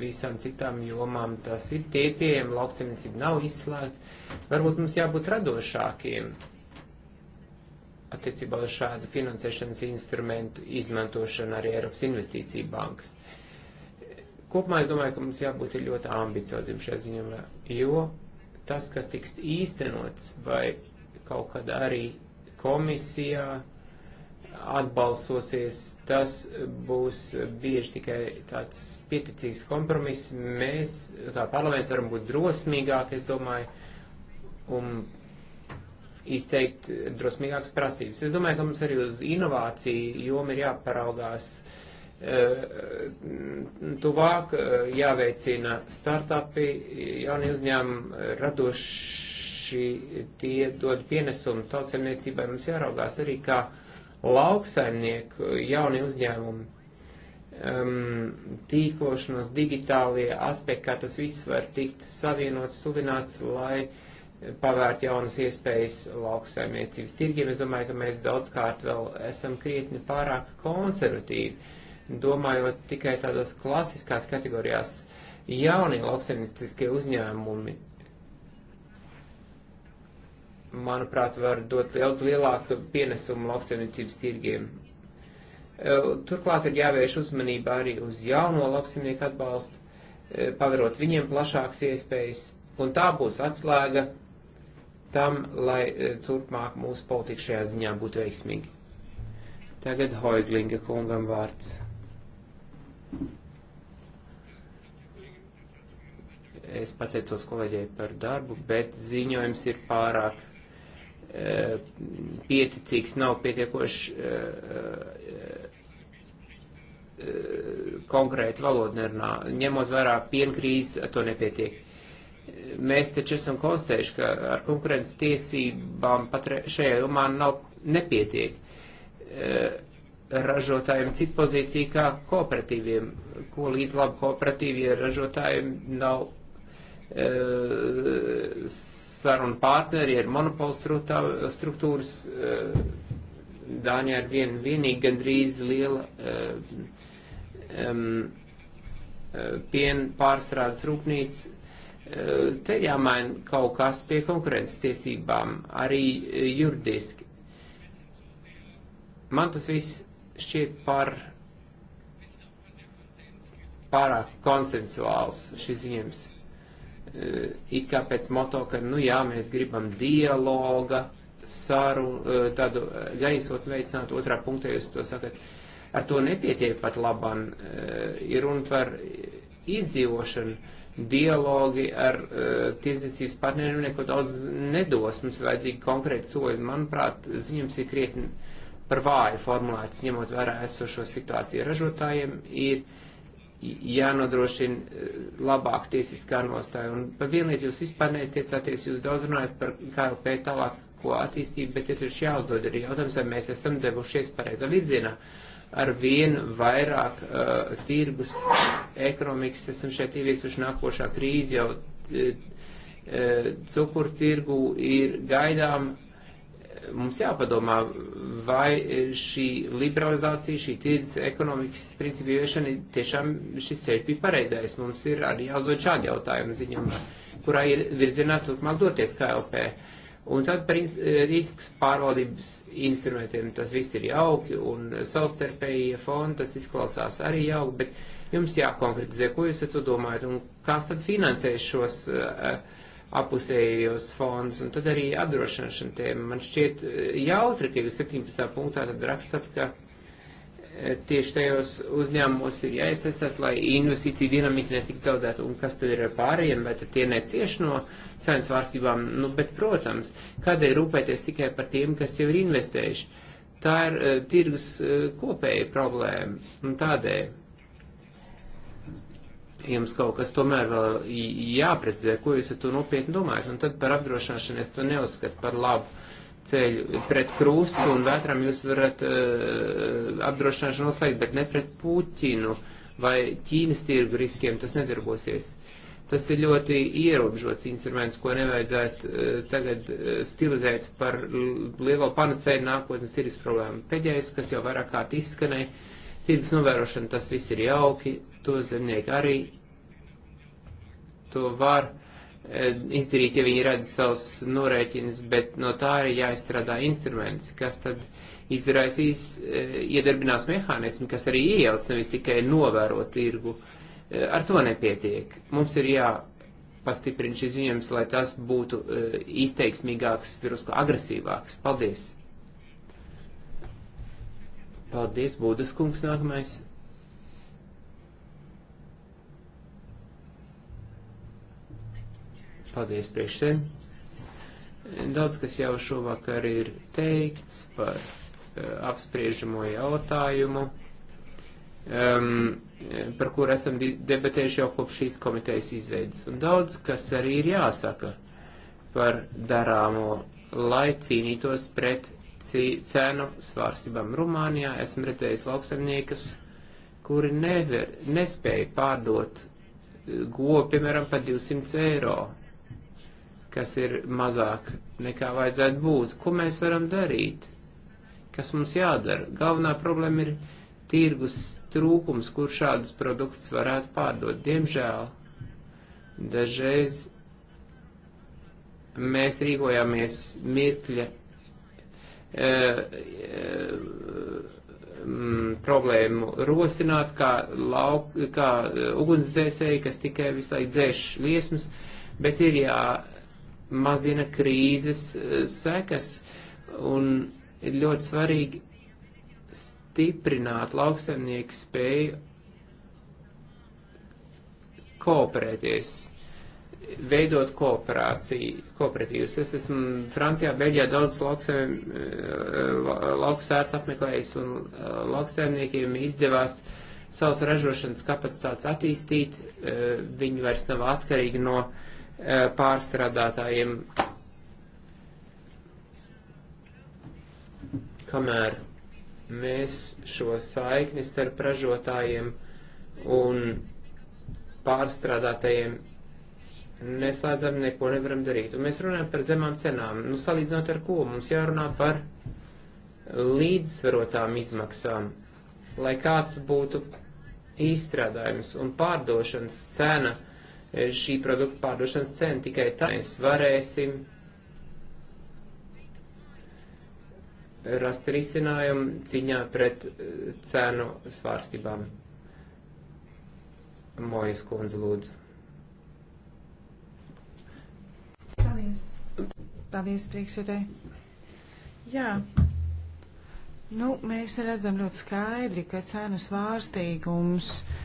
visām citām jomām. Tas ir tie pieejami, lauksemniecība nav izslēgta. Varbūt mums jābūt radošākiem attiecībā uz šādu finansēšanas instrumentu izmantošanu arī Eiropas investīcija bankas. Uh, Kopumā es domāju, ka mums jābūt ļoti ambicioziem šajā ziņā, jo tas, kas tiks īstenots vai kaut kad arī komisijā atbalsosies, tas būs bieži tikai tāds pieticīgs kompromiss. Mēs, kā parlaments, varam būt drosmīgāki, es domāju, un izteikt drosmīgākas prasības. Es domāju, ka mums arī uz inovāciju jomu ir jāparaugās uh, Eh, tuvāk eh, jāveicina startupi, jauni uzņēmumi radoši tie dod pienesumu tautsemniecībai. Mums jāraugās arī kā lauksaimnieku jauni uzņēmumi. Um, tīklošanos, digitālie aspekti, kā tas viss var tikt savienots, tuvināts, lai pavērt jaunas iespējas lauksaimniecības tirgiem. Es domāju, ka mēs daudzkārt vēl esam krietni pārāk konservatīvi. Uh, domājot tikai tādās klasiskās kategorijās, jaunie lauksaimnieciskie uzņēmumi, manuprāt, var dot daudz lielāku pienesumu lauksaimniecības tirgiem. E, turklāt ir jāvērš uzmanība arī uz jauno lauksaimnieku atbalstu, e, paverot viņiem plašākas iespējas, un tā būs atslēga tam, lai e, turpmāk mūsu politika šajā ziņā būtu veiksmīga. Tagad Hoizlinga kungam vārds. Es pateicos kolēģei par darbu, bet ziņojums ir pārāk e, pieticīgs, nav pietiekoši e, e, e konkrēti valoda nerunā. Ņemot vērā pienkrīzi, to nepietiek. Mēs taču esam konstatējuši, ka ar konkurences tiesībām pat šajā jomā nav nepietiek. E, ražotājiem citu pozīciju kā kooperatīviem, ko līdz labi kooperatīvie ražotājiem nav e, saruna partneri, ir monopola struktūras, e, Dāņā ir vien, vienīgi gandrīz liela e, e, piena pārstrādes rūpnīca, e, te jāmaina kaut kas pie konkurences tiesībām, arī juridiski. Man tas viss šķiet par pārāk konsensuāls šis ziņojums. Eh, it kā pēc moto, ka, nu jā, mēs gribam dialoga, saru, eh, tādu eh, gaisot veicināt, otrā punktā jūs to sakat, ar to nepietiek pat laban, ir runa par izdzīvošanu, dialogi ar tiesniecības partneriem neko daudz nedos, mums vajadzīgi konkrēti soļi, manuprāt, ziņums ir krietni par vāju formulēts, ņemot vērā esošo situāciju ražotājiem, ir jānodrošina eh, labāk tiesiskā nostāja. Un par vienlietu jūs vispār neiztiecāties, jūs daudz runājat par KLP tālāko attīstību, bet ir tieši jāuzdod arī jautājums, vai mēs esam devušies pareizā virzienā. Ar vien vairāk uh, tirgus ekonomikas esam šeit ieviesuši nākošā krīze jau uh, cukurtirgu ir gaidām uh, mums jāpadomā, vai šī liberalizācija, šī tirdzes ekonomikas principu ieviešana tiešām šis ceļš bija pareizais. Mums ir arī jāuzdod šādi jautājumi ziņojumā, kurā ir virzienā turpmāk doties KLP. Un tad par eh, risks pārvaldības instrumentiem tas viss ir jauki un savstarpējie fondi, tas izklausās arī jauki, bet jums jākonkretizē, ko jūs ar to domājat un kas tad finansēs šos uh, apusējos fondus, un tad arī apdrošināšana tēma. Man šķiet eh, jautri, ka jūs 17. punktā tad rakstat, ka eh, tieši tajos uzņēmumos ir jāiesaistās, lai investīcija dinamika netik zaudēta, un kas tad ir ar pārējiem, bet tie necieš no cenas vārstībām, nu, bet, protams, kādēļ rūpēties tikai par tiem, kas jau ir investējuši. Tā ir uh, tirgus uh, kopēja problēma, un tādēļ jums kaut kas tomēr vēl jāprecizē, ko jūs ar to nopietni domājat. Un tad par apdrošināšanu es to neuzskatu par labu ceļu pret krūsu un vētram jūs varat uh, apdrošināšanu noslēgt, bet ne pret Puķinu vai Ķīnas tirgu riskiem tas nedarbosies. Tas ir ļoti ierobežots instruments, ko nevajadzētu uh, tagad uh, stilizēt par lielo panacēju nākotnes tirgus problēmu. Pēdējais, kas jau vairāk kārt izskanēja, tirgus novērošana, tas viss ir jauki, to zemnieki arī to var e, izdarīt, ja viņi redz savus norēķinus, bet no tā arī jāizstrādā instruments, kas tad izraisīs, e, iedarbinās mehānismi, kas arī iejauc, nevis tikai novēro tirgu. E, ar to nepietiek. Mums ir jāpastiprina šis ziņojums, lai tas būtu izteiksmīgāks, drusku agresīvāks. Paldies! Paldies, Būdas kungs nākamais. Paldies priekšsēm. Daudz, kas jau šovakar ir teikts par uh, apspriežamo jautājumu, um, par kur esam debatējuši jau kopš šīs komitejas izveidas. Un daudz, kas arī ir jāsaka par darāmo, lai cīnītos pret cēnu svārstībām Rumānijā. Esmu redzējis lauksaimniekus, kuri never, nespēja pārdot eh, govu, piemēram, par 200 eiro kas ir mazāk nekā vajadzētu būt. Ko mēs varam darīt? Kas mums jādara? Galvenā problēma ir tirgus trūkums, kur šādas produktus varētu pārdot. Diemžēl dažreiz mēs rīkojāmies mirkļa e, e, mm, problēmu rosināt, kā, lauk, kā e, ugunsdzēsēji, kas tikai visu laiku dzēš liesmas, bet ir jā, mazina krīzes eh, sekas un ir ļoti svarīgi stiprināt lauksaimnieku spēju kooperēties, veidot kooperāciju, kooperatīvas. Es esmu Francijā, Beļģijā daudz lauksēts eh, apmeklējis un eh, lauksaimniekiem izdevās savas ražošanas kapacitātes attīstīt, viņi vairs nav atkarīgi no uh, Eh, pārstrādātājiem, kamēr mēs šo saikni starp ražotājiem un pārstrādātajiem neslēdzam, neko nevaram darīt. Un mēs runājam par zemām cenām. Nu, salīdzinot ar ko? Mums jārunā par līdzsvarotām izmaksām, lai kāds būtu izstrādājums un pārdošanas cena Eh, šī produkta pārdošanas cenu. Tikai tā mēs varēsim rast risinājumu ciņā pret eh, cenu svārstībām. Mojas kundze lūdzu. Paldies. Paldies, priekšsēdēji. Jā. Nu, mēs redzam ļoti skaidri, ka cenu svārstīgums uh,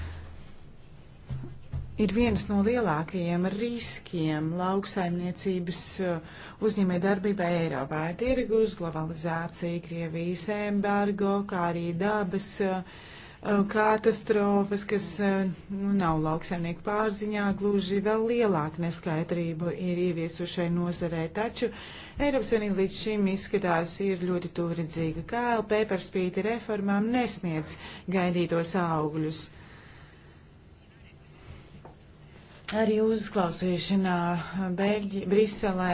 ir viens no lielākajiem riskiem lauksaimniecības uh, uzņēmē darbībā Eiropā. Tirgus, globalizācija, Krievijas embargo, kā arī dabas uh, uh, katastrofas, kas nu, nav lauksaimnieku pārziņā, gluži vēl lielāku neskaidrību ir ieviesušai nozarē. Taču Eiropas Savienība līdz šim izskatās ir ļoti tuvredzīga. KLP par spīti reformām nesniedz gaidītos augļus Arī uzklausīšanā Beļģi, Briselē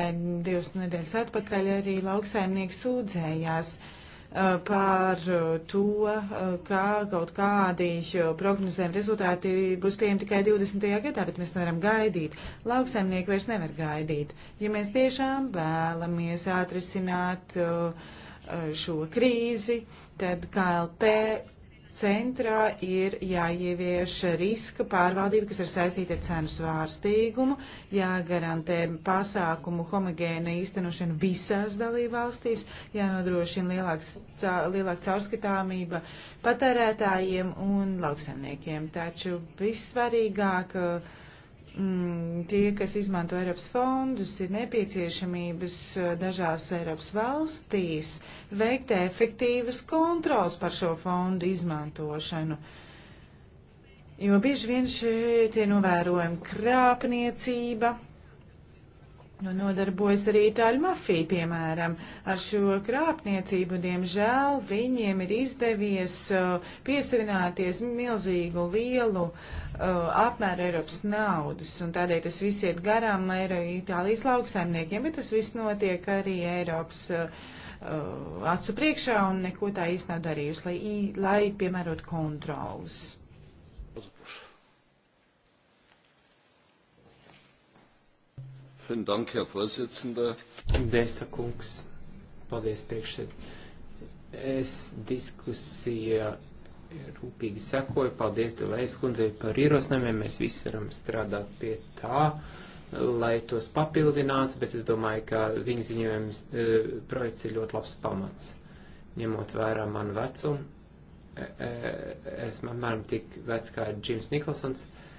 divas nedēļas atpakaļ arī lauksaimnieks sūdzējās uh, par uh, to, uh, ka kaut kādi uh, prognozēm rezultāti būs pieejami tikai 20. gadā, bet mēs nevaram gaidīt. Lauksaimnieki vairs nevar gaidīt. Ja mēs tiešām vēlamies atrisināt uh, šo krīzi, tad KLP centrā ir jāievieš riska pārvaldība, kas ir saistīta ar cenu svārstīgumu, jāgarantē pasākumu homogēna īstenošana visās dalībvalstīs, jānodrošina lielāks, lielāka caurskatāmība patērētājiem un lauksaimniekiem. Taču vissvarīgāk uh, mm, tie, kas izmanto Eiropas fondus, ir nepieciešamības eh, dažās Eiropas valstīs veikt efektīvas kontrols par šo fondu izmantošanu. Jo bieži vien šeit ir novērojama krāpniecība, Nu, nodarbojas arī itāļu mafija, piemēram, ar šo krāpniecību. Diemžēl viņiem ir izdevies uh, piesavināties milzīgu lielu uh, apmēru Eiropas naudas, un tādēļ tas viss iet garām Eiro Itālijas lauksaimniekiem, bet tas viss notiek arī Eiropas uh, uh acu priekšā un neko tā īsti nav darījusi, lai, lai piemērot kontrolas. Uzbuši. Vielen Dank, Herr Vorsitzender. Desa kungs, paldies priekšsēd. Es diskusijā rūpīgi sekoju. Paldies Delējas kundzei par ierosinājumiem. Mēs visi varam strādāt pie tā, lai tos papildinātu, bet es domāju, ka viņa ziņojums e, projekts ir ļoti labs pamats. Ņemot vērā manu vecumu, e, e, esmu apmēram tik vecs kā Džims Nikolsons. E,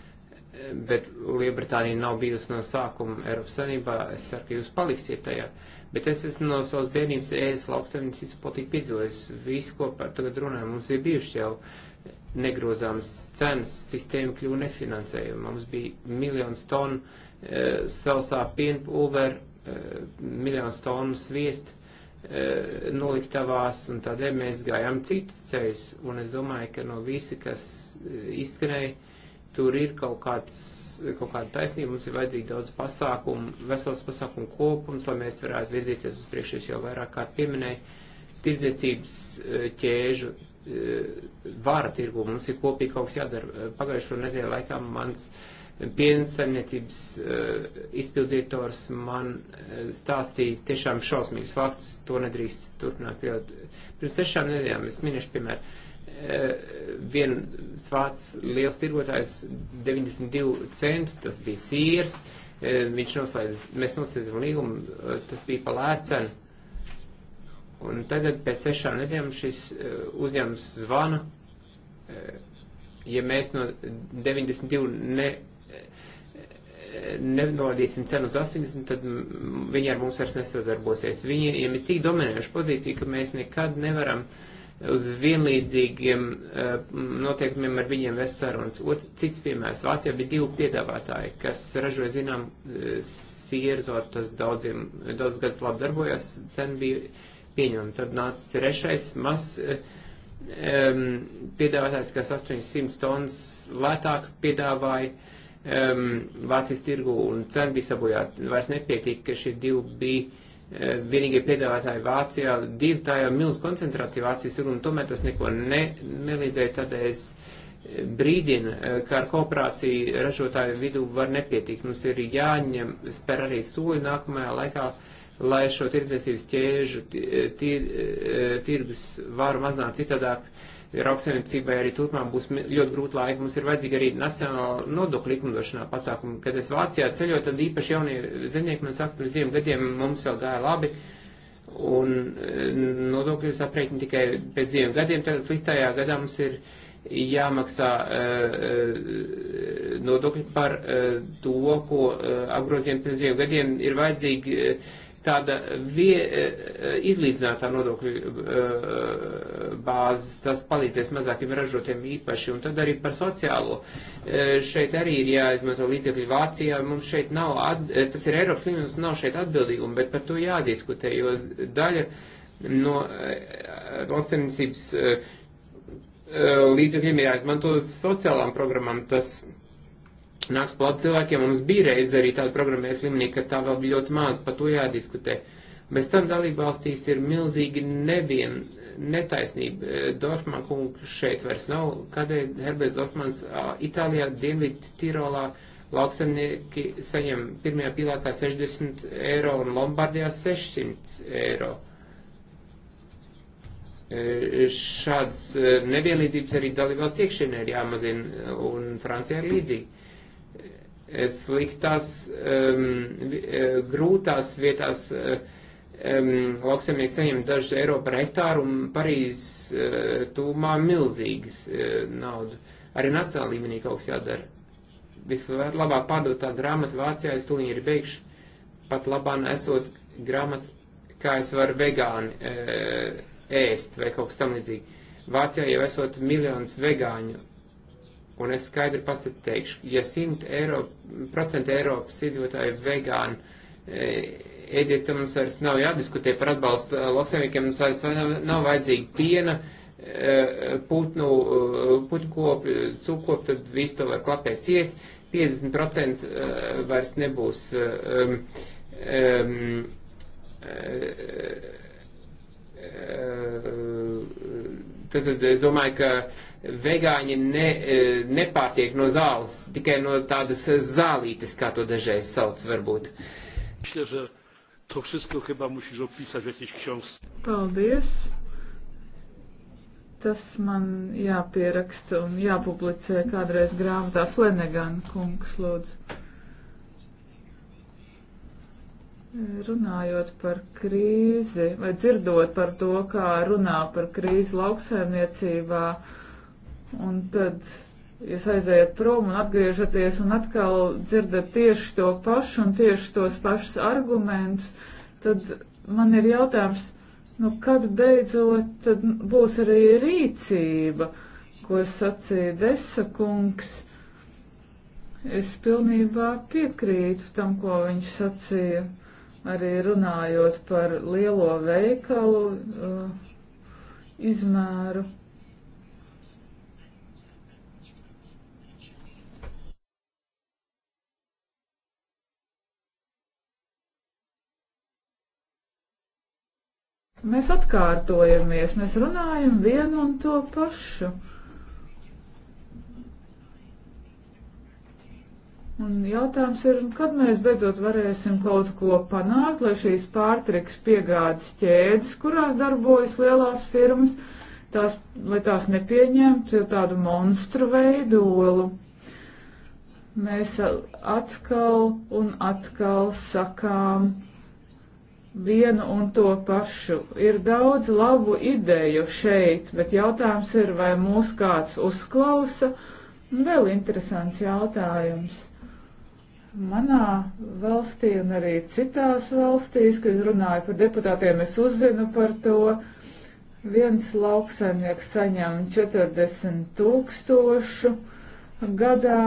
bet Lielbritānija nav bijusi no sākuma Eiropas Savienībā, es ceru, ka jūs paliksiet tajā. Bet es esmu no savas bērnības ēst lauksaimniecības politiku piedzīvojis. Visu, ko par tagad runājam, mums ir bijuši jau negrozāmas cenas, sistēma kļuva nefinansējuma. Mums bija miljons tonu e, sausā pienpulveru, e, miljons tonu sviest e, noliktavās, un tādēļ mēs gājām citus ceļus. Un es domāju, ka no visi, kas e, izskanēja, tur ir kaut, kāds, kaut kāda taisnība, mums ir vajadzīgi daudz pasākumu, vesels pasākumu kopums, lai mēs varētu virzīties uz priekšu, es jau vairāk kārt pieminēju, tirdzniecības eh, ķēžu eh, vāra tirgu, mums ir kopīgi kaut kas jādara. Pagājušo nedēļu laikā mans piensaimniecības eh, izpildietors man stāstīja tiešām šausmīgs fakts, to nedrīkst turpināt pieļaut. Pirms sešām nedēļām es minēšu, piemēram, Eh, viens vārds liels tirgotājs 92 centi, tas bija sīrs, eh, viņš noslēdz, mēs noslēdzam līgumu, eh, tas bija pa lēcenu. Un tagad pēc sešām nedēļām šis uzņēmums zvana, ja mēs no 92 ne, nenodīsim cenu uz 80, tad viņi ar mums vairs nesadarbosies. Viņiem ir tik dominējuša pozīcija, ka mēs nekad nevaram uh, uz vienlīdzīgiem eh, noteikumiem ar viņiem vest sarunas. Otr, cits piemērs. Vācijā bija divi piedāvātāji, kas ražoja, zinām, eh, sierzot, tas daudziem, daudz gadus labi darbojās, cena bija pieņemama. Tad nāca trešais mazs um, eh, piedāvātājs, kas 800 tonnas lētāk piedāvāja um, Vācijas tirgu un cena bija sabojāta. Vairs nepietika, ka šie divi bija Eh, vienīgie piedāvātāji Vācijā, divi tā jau milz koncentrācija Vācijas ir, un tomēr tas neko ne, nelīdzēja, tad es eh, brīdinu, eh, ka ar kooperāciju ražotāju vidū var nepietikt. Mums ir jāņem spēr arī soļi nākamajā laikā, lai šo tirdzniecības ķēžu tirgus var mazināt citādāk. Uh, Rauksaimniecībai arī turpmāk būs ļoti grūti laiki. Mums ir vajadzīga arī nacionāla nodokļa likumdošanā pasākuma. Kad es Vācijā ceļoju, tad īpaši jaunie zemnieki man saka, pirms diviem gadiem mums vēl gāja labi. Un e, nodokļi ir aprēķini tikai pēc diviem gadiem. Tagad sliktajā gadā mums ir jāmaksā uh, nodokļi par uh, to, ko uh, apgrozījumi pirms diviem gadiem ir vajadzīgi tāda vie, e, e, izlīdzinātā nodokļu e, bāzes, tas palīdzēs mazākiem ražotiem īpaši, un tad arī par sociālo. Šeit arī ir jāizmanto līdzekļi Vācijā, mums šeit nav, at, tas ir Eiropas līmenis, nav šeit atbildīguma, bet par to jādiskutē, jo daļa no valstsarnicības līdzekļiem ir jāizmanto sociālām programmām, tas nāks klāt cilvēkiem. Mums bija reiz arī tāda programmēs līmenī, ka tā vēl bija ļoti maz, par to jādiskutē. Bez tam dalību valstīs ir milzīgi nevien netaisnība. Eh, Dorfman kungs šeit vairs nav, kādēļ Herberts Dorfmans Itālijā, Dienvidu Tirolā lauksemnieki saņem pirmajā pīlākā 60 eiro un Lombardijā 600 eiro. Eh, Šādas eh, nevienlīdzības arī dalībvalsts iekšienē ir jāmazina, un Francijā ir līdzīgi sliktās, um, grūtās vietās um, lauksaimnieki saņem dažus eiro par hektāru un Parīzes uh, tūmā milzīgas uh, naudu. Arī nacionāla līmenī kaut kas jādara. Vislabāk pārdotā grāmata Vācijā, es tūlīt ir beigšu, pat labāk esot grāmata, kā es varu vegāni uh, ēst vai kaut kas tam līdzīgi. Vācijā jau esot miljonus vegāņu Un es skaidri pasateikšu, ja 100% Eiropa, Eiropas iedzīvotāji vegāni e, ēdies, tad mums vairs nav jādiskutē par atbalstu e, lauksaimniekiem, mums vairs nav, nav vajadzīga piena, e, putnu, e, putnu kopi, cūkopi, tad visu to var klapēt ciet, 50% e, vairs nebūs. Um, um, Tad, tad es domāju, ka uh, vegāņi ne, e, nepārtiek no zāles, tikai no tādas zālītes, kā to dažreiz sauc varbūt. Paldies! Tas man jāpieraksta un jāpublicē kādreiz grāmatā Flenegan kungs, lūdzu. Runājot par krīzi, vai dzirdot par to, kā runā par krīzi lauksaimniecībā, uh, Un tad jūs aizējat prom un atgriežaties un atkal dzirdat tieši to pašu un tieši tos pašus argumentus, tad man ir jautājums, nu kad beidzot tad būs arī rīcība, ko sacīja Desa kungs. Es pilnībā piekrītu tam, ko viņš sacīja, arī runājot par lielo veikalu uh, izmēru. Mēs atkārtojamies, mēs runājam vienu un to pašu. Un jautājums ir, kad mēs beidzot varēsim kaut ko panākt, lai šīs pārtiks piegādes ķēdes, kurās darbojas lielās firmas, tās, lai tās nepieņemtu tādu monstru veidolu. Mēs atkal un atkal sakām, vienu un to pašu. Ir daudz labu ideju šeit, bet jautājums ir, vai mūs kāds uzklausa. Un vēl interesants jautājums. Manā valstī un arī citās valstīs, kad runāju par deputātiem, es uzzinu par to. Viens lauksaimnieks saņem 40 tūkstošu gadā,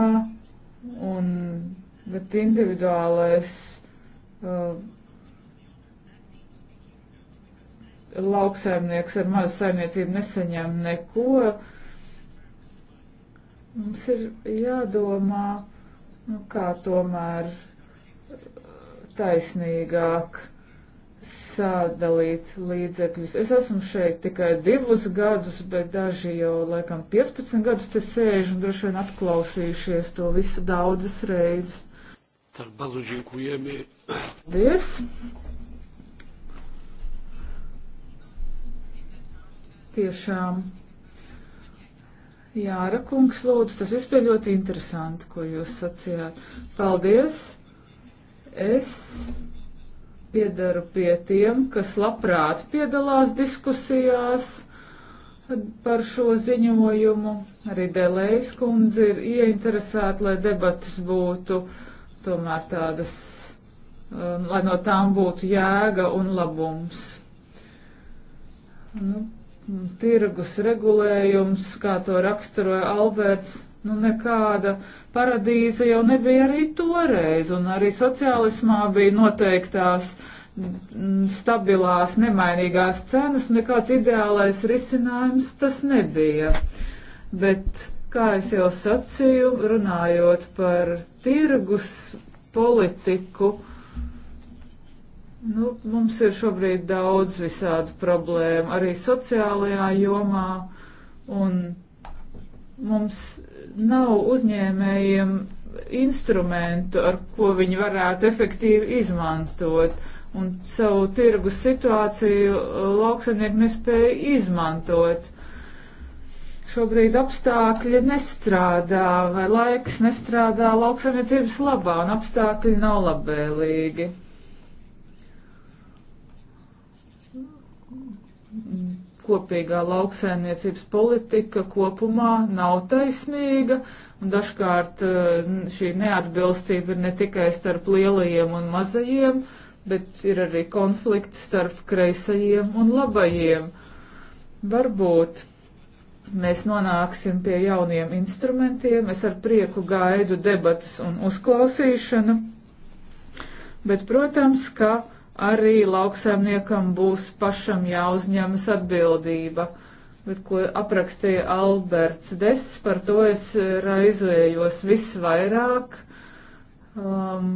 un, bet individuālais uh, lauksaimnieks ar mazu saimniecību nesaņem neko. Mums ir jādomā, nu, kā tomēr uh, taisnīgāk sadalīt līdzekļus. Es esmu šeit tikai divus gadus, bet daži jau laikam 15 gadus te sēž un droši vien atklausījušies to visu daudzas reizes. Tak bardzo dziękujemy. Paldies! Tiešām. Jāra kungs, lūdzu, tas viss bija ļoti interesanti, ko jūs sacījāt. Paldies! Es piedaru pie tiem, kas labprāt piedalās diskusijās par šo ziņojumu. Arī Delējas kundze ir ieinteresēta, lai debatas būtu tomēr tādas, um, lai no tām būtu jēga un labums. Nu, tirgus regulējums, kā to raksturoja Alberts, nu nekāda paradīze jau nebija arī toreiz, un arī sociālismā bija noteiktās mm, stabilās, nemainīgās cenas, un nekāds ideālais risinājums tas nebija. Bet, kā es jau sacīju, runājot par tirgus politiku, Nu, mums ir šobrīd daudz visādu problēmu, arī sociālajā jomā, un mums nav uzņēmējiem instrumentu, ar ko viņi varētu efektīvi izmantot, un savu tirgus situāciju lauksaimnieku nespēja izmantot. Šobrīd apstākļi nestrādā, vai laiks nestrādā lauksaimniecības labā, un apstākļi nav labvēlīgi. kopīgā lauksaimniecības politika kopumā nav taisnīga, un dažkārt eh, šī neatbilstība ir ne tikai starp lielajiem un mazajiem, bet ir arī konflikti starp kreisajiem un labajiem. Varbūt mēs nonāksim pie jauniem instrumentiem. Es ar prieku gaidu debatas un uzklausīšanu. Bet, protams, ka arī lauksaimniekam būs pašam jāuzņemas atbildība. Bet ko aprakstīja Alberts Des, par to es raizējos visvairāk. Um,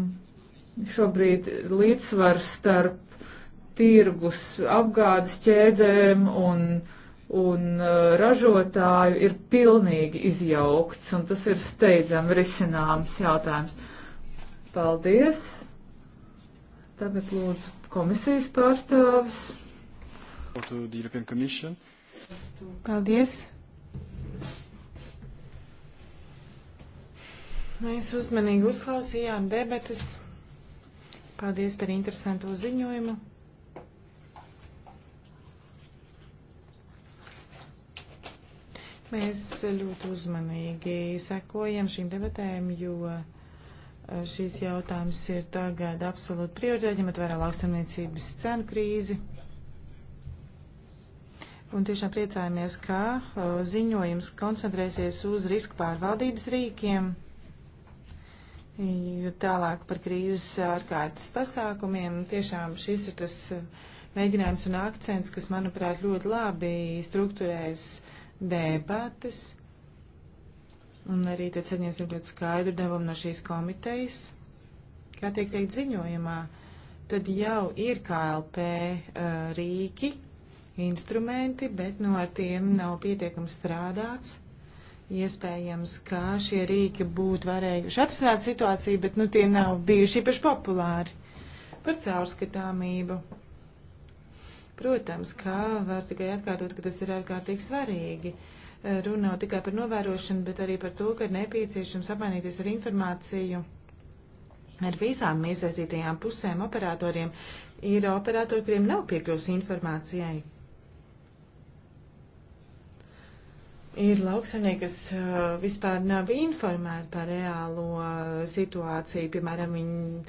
šobrīd līdzsvars starp tirgus apgādes ķēdēm un, un uh, ražotāju ir pilnīgi izjaukts, un tas ir steidzami risināms jautājums. Paldies! Tagad lūdzu komisijas pārstāvis. Paldies. Mēs uzmanīgi uzklausījām debetas. Paldies par interesantu ziņojumu. Mēs ļoti uzmanīgi sekojam šīm debatēm, jo šīs jautājums ir tagad absolūti prioritāti, ņemot vērā lauksamniecības cenu krīzi. Un tiešām priecājamies, ka ziņojums koncentrēsies uz riska pārvaldības rīkiem, jo tālāk par krīzes ārkārtas pasākumiem. Tiešām šis ir tas mēģinājums un akcents, kas, manuprāt, ļoti labi strukturēs debatas Un arī tad saņemsim ļoti skaidru devumu no šīs komitejas, kā tiek teikt ziņojumā, tad jau ir KLP uh, rīki, instrumenti, bet no nu, ar tiem nav pietiekami strādāts. Iespējams, ka šie rīki būtu varējuši atrisināt situāciju, bet nu, tie nav bijuši īpaši populāri par caurskatāmību. Protams, kā var tikai atkārtot, ka tas ir ārkārtīgi svarīgi. Uh, runā tikai par novērošanu, bet arī par to, ka ir nepieciešams apmainīties ar informāciju ar visām iesaistītajām pusēm, operatoriem. Ir operatori, kuriem nav piekļuvs informācijai. Ir lauksaimnieki, kas uh, vispār nav informēti par reālo uh, situāciju, piemēram, viņi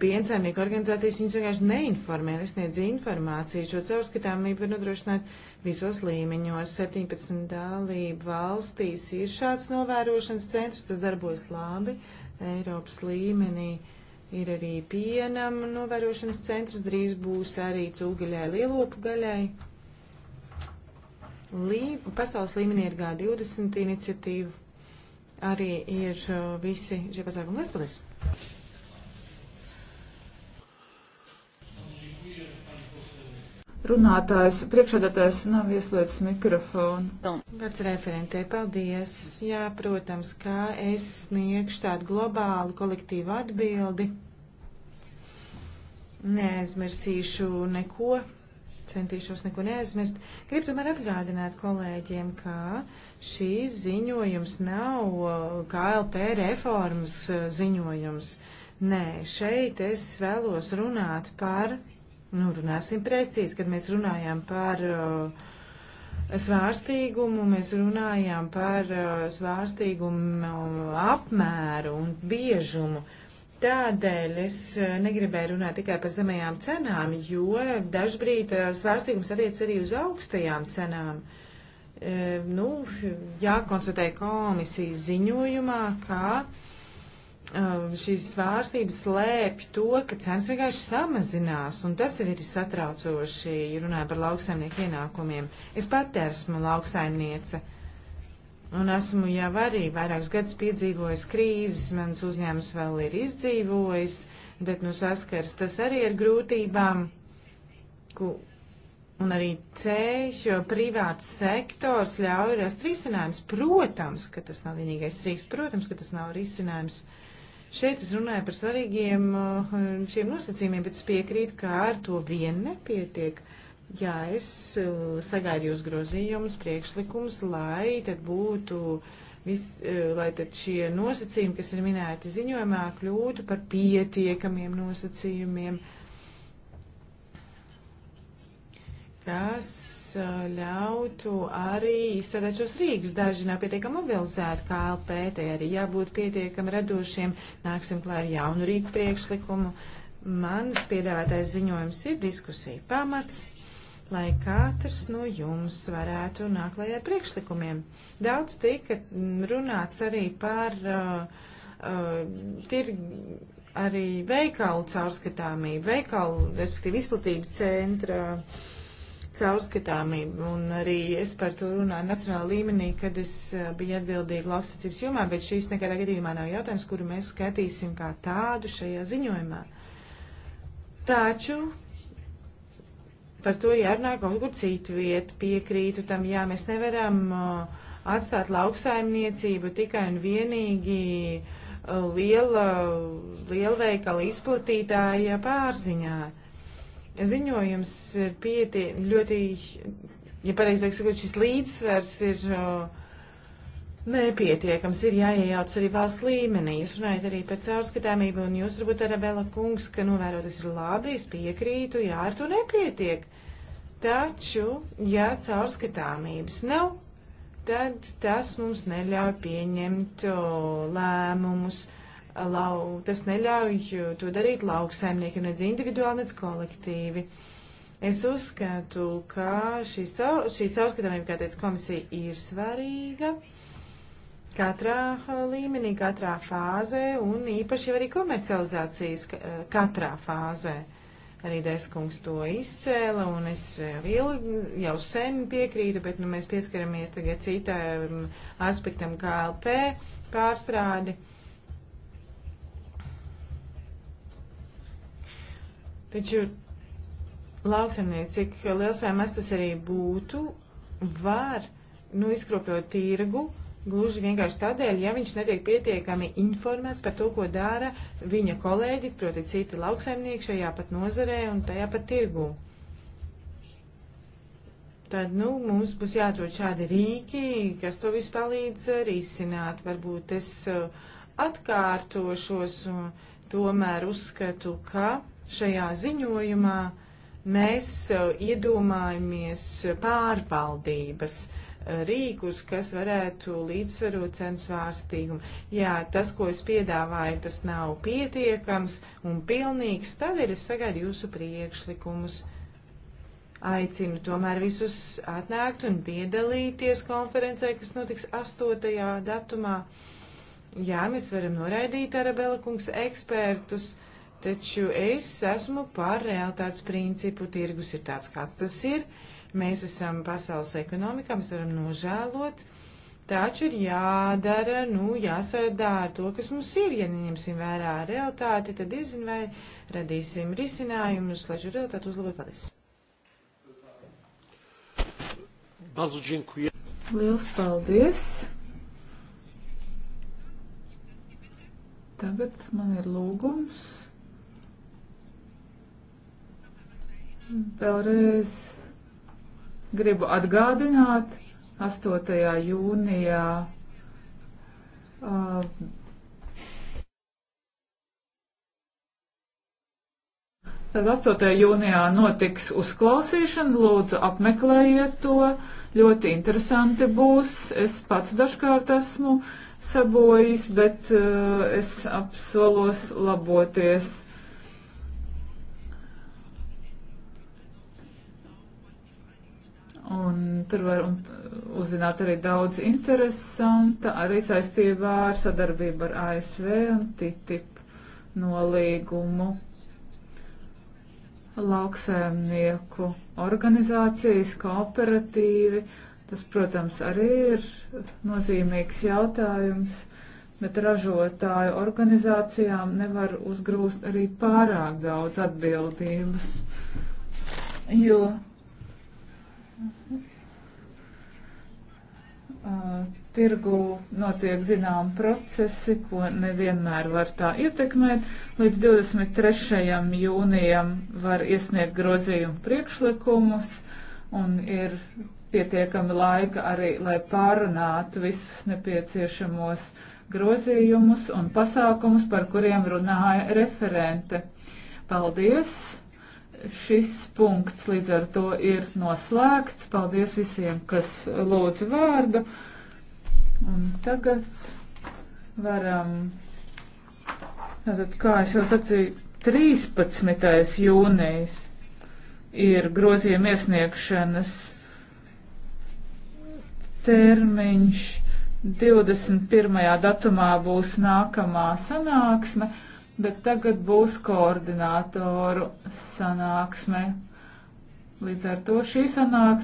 piensaimnieku organizācijas viņus vienkārši neinformē, nesniedz informāciju. Šo caurskatāmību var nodrošināt visos līmeņos. 17 dalību valstīs ir šāds novērošanas centrs, tas darbojas labi. Eiropas līmenī ir arī pienam novērošanas centrs, drīz būs arī cūgaļai, lielopu gaļai. Lī, pasaules līmenī ir G20 iniciatīva. Arī ir uh, visi šie pasākumi. Liels paldies! runātājs, priekšādātājs nav ieslēdzis mikrofonu. Pēc referentē, paldies. Jā, protams, kā es sniegšu tādu globālu kolektīvu atbildi. Neaizmirsīšu neko, centīšos neko neaizmirst. Gribu tomēr atgādināt kolēģiem, ka šīs ziņojums nav KLP reformas ziņojums. Nē, šeit es vēlos runāt par Nu, runāsim precīzi, kad mēs runājam par uh, svārstīgumu, mēs runājam par uh, svārstīgumu apmēru un biežumu. Tādēļ es uh, negribēju runāt tikai par zemajām cenām, jo dažbrīd uh, svārstīgums attiec arī uz augstajām cenām. E, nu, jākonstatē komisijas ziņojumā, ka Um, šīs svārstības slēpj to, ka cenas vienkārši samazinās, un tas jau ir satraucoši, runājot par lauksaimnieku ienākumiem. Es pati esmu lauksaimniece, un esmu jau arī vairākus gadus piedzīvojis krīzes, mans uzņēmums vēl ir izdzīvojis, bet nu saskars tas arī ar grūtībām, ku, un arī ceļš, jo privāts sektors ļauj rast risinājums. Protams, ka tas nav vienīgais rīks, protams, ka tas nav risinājums. Uh, Šeit es runāju par svarīgiem uh, šiem nosacījumiem, bet es piekrītu, ka ar to vien nepietiek. Jā, es uh, sagaidu jūs grozījumus, priekšlikumus, lai tad būtu, vis, uh, lai tad šie nosacījumi, kas ir minēti ziņojumā, kļūtu par pietiekamiem nosacījumiem, kas ļautu arī izstrādāt šos rīkus. Daži nav pietiekami mobilizēti, kā LPT arī jābūt pietiekami radošiem. Nāksim klāt ar jaunu rīku priekšlikumu. Mans piedāvātais ziņojums ir diskusija pamats, lai katrs no jums varētu nākt klajā ar priekšlikumiem. Daudz tika runāts arī par uh, uh, tirgu arī veikalu caurskatāmību, veikalu, respektīvi izplatības centra uh, caurskatāmību. Un arī es par to runāju nacionāla līmenī, kad es eh, biju atbildīga lauksaimniecības jomā, bet šīs nekādā gadījumā nav jautājums, kuru mēs skatīsim kā tādu šajā ziņojumā. Taču par to ir jārunā kaut kur citu vietu. Piekrītu tam, jā, mēs nevaram eh, atstāt lauksaimniecību tikai un vienīgi eh, liela, lielveikala izplatītāja pārziņā ziņojums ir pietie ļoti, ja pareizāk sakot, šis līdzsvers ir uh, nepietiekams, ir jāiejauc arī valsts līmenī. Jūs runājat arī par caurskatāmību, un jūs varbūt Arabela kungs, ka novērot, tas ir labi, es piekrītu, jā, ar to nepietiek. Taču, ja caurskatāmības nav, tad tas mums neļauj pieņemt o, lēmumus. Uh, lau, tas neļauj uh, to darīt lauksaimniekiem, nedz individuāli, nedz kolektīvi. Es uzskatu, ka šī, šī caurskatāmība, kā teica komisija, ir svarīga katrā uh, līmenī, katrā fāzē un īpaši arī komercializācijas uh, katrā fāzē. Arī Deskungs to izcēla un es jau, jau sen piekrītu, bet nu, mēs pieskaramies tagad citam aspektam KLP pārstrādi. Uh, Taču lauksaimnieki, cik liels vai maz tas arī būtu, var nu, izkropļot tirgu gluži vienkārši tādēļ, ja viņš netiek pietiekami informēts par to, ko dara viņa kolēģi, proti citi lauksaimnieki šajā pat nozarē un tajā pat tirgū. Tad nu, mums būs jāatrod šādi rīki, kas to visu palīdz risināt. Varbūt es uh, atkārtošos un tomēr uzskatu, ka Šajā ziņojumā mēs uh, iedomājamies pārvaldības uh, rīkus, kas varētu līdzsvarot cenu svārstīgumu. Jā, tas, ko es piedāvāju, tas nav pietiekams un pilnīgs, tad ir es sagaidu jūsu priekšlikumus. Aicinu tomēr visus atnākt un piedalīties konferencē, kas notiks 8. datumā. Jā, mēs varam noraidīt Arabela kungs ekspertus. Uh, Taču es esmu par realitātes principu, tirgus ir tāds, kāds tas ir. Mēs esam pasaules ekonomikā, mēs varam nožēlot, taču ir jādara, nu, jāsardā ar to, kas mums ir. Ja neņemsim vērā realitāti, tad diezin vai radīsim risinājumus, lai šo realitāti uzlabot. Paldies! Liels paldies! Tagad man ir lūgums. Vēlreiz gribu atgādināt, 8. jūnijā uh, Tad 8. jūnijā notiks uzklausīšana, lūdzu apmeklējiet to, ļoti interesanti būs. Es pats dažkārt esmu sabojis, bet uh, es apsolos laboties. Un tur var un, uzzināt arī daudz interesanta, arī saistībā ar sadarbību ar ASV un TTIP nolīgumu. Lauksēmnieku organizācijas, kooperatīvi, tas, protams, arī ir nozīmīgs jautājums, bet ražotāju organizācijām nevar uzgrūst arī pārāk daudz atbildības, jo Uh, tirgu notiek zinām procesi, ko nevienmēr var tā ietekmēt. Līdz 23. jūnijam var iesniegt grozījumu priekšlikumus un ir pietiekami laika arī, lai pārunātu visus nepieciešamos grozījumus un pasākumus, par kuriem runāja referente. Paldies! šis punkts līdz ar to ir noslēgts. Paldies visiem, kas lūdza vārdu. Un tagad varam, tātad, kā es jau sacīju, 13. jūnijas ir grozījuma iesniegšanas termiņš. 21. datumā būs nākamā sanāksme bet tagad būs koordinātoru sanāksme. Līdz ar to šī sanāksme.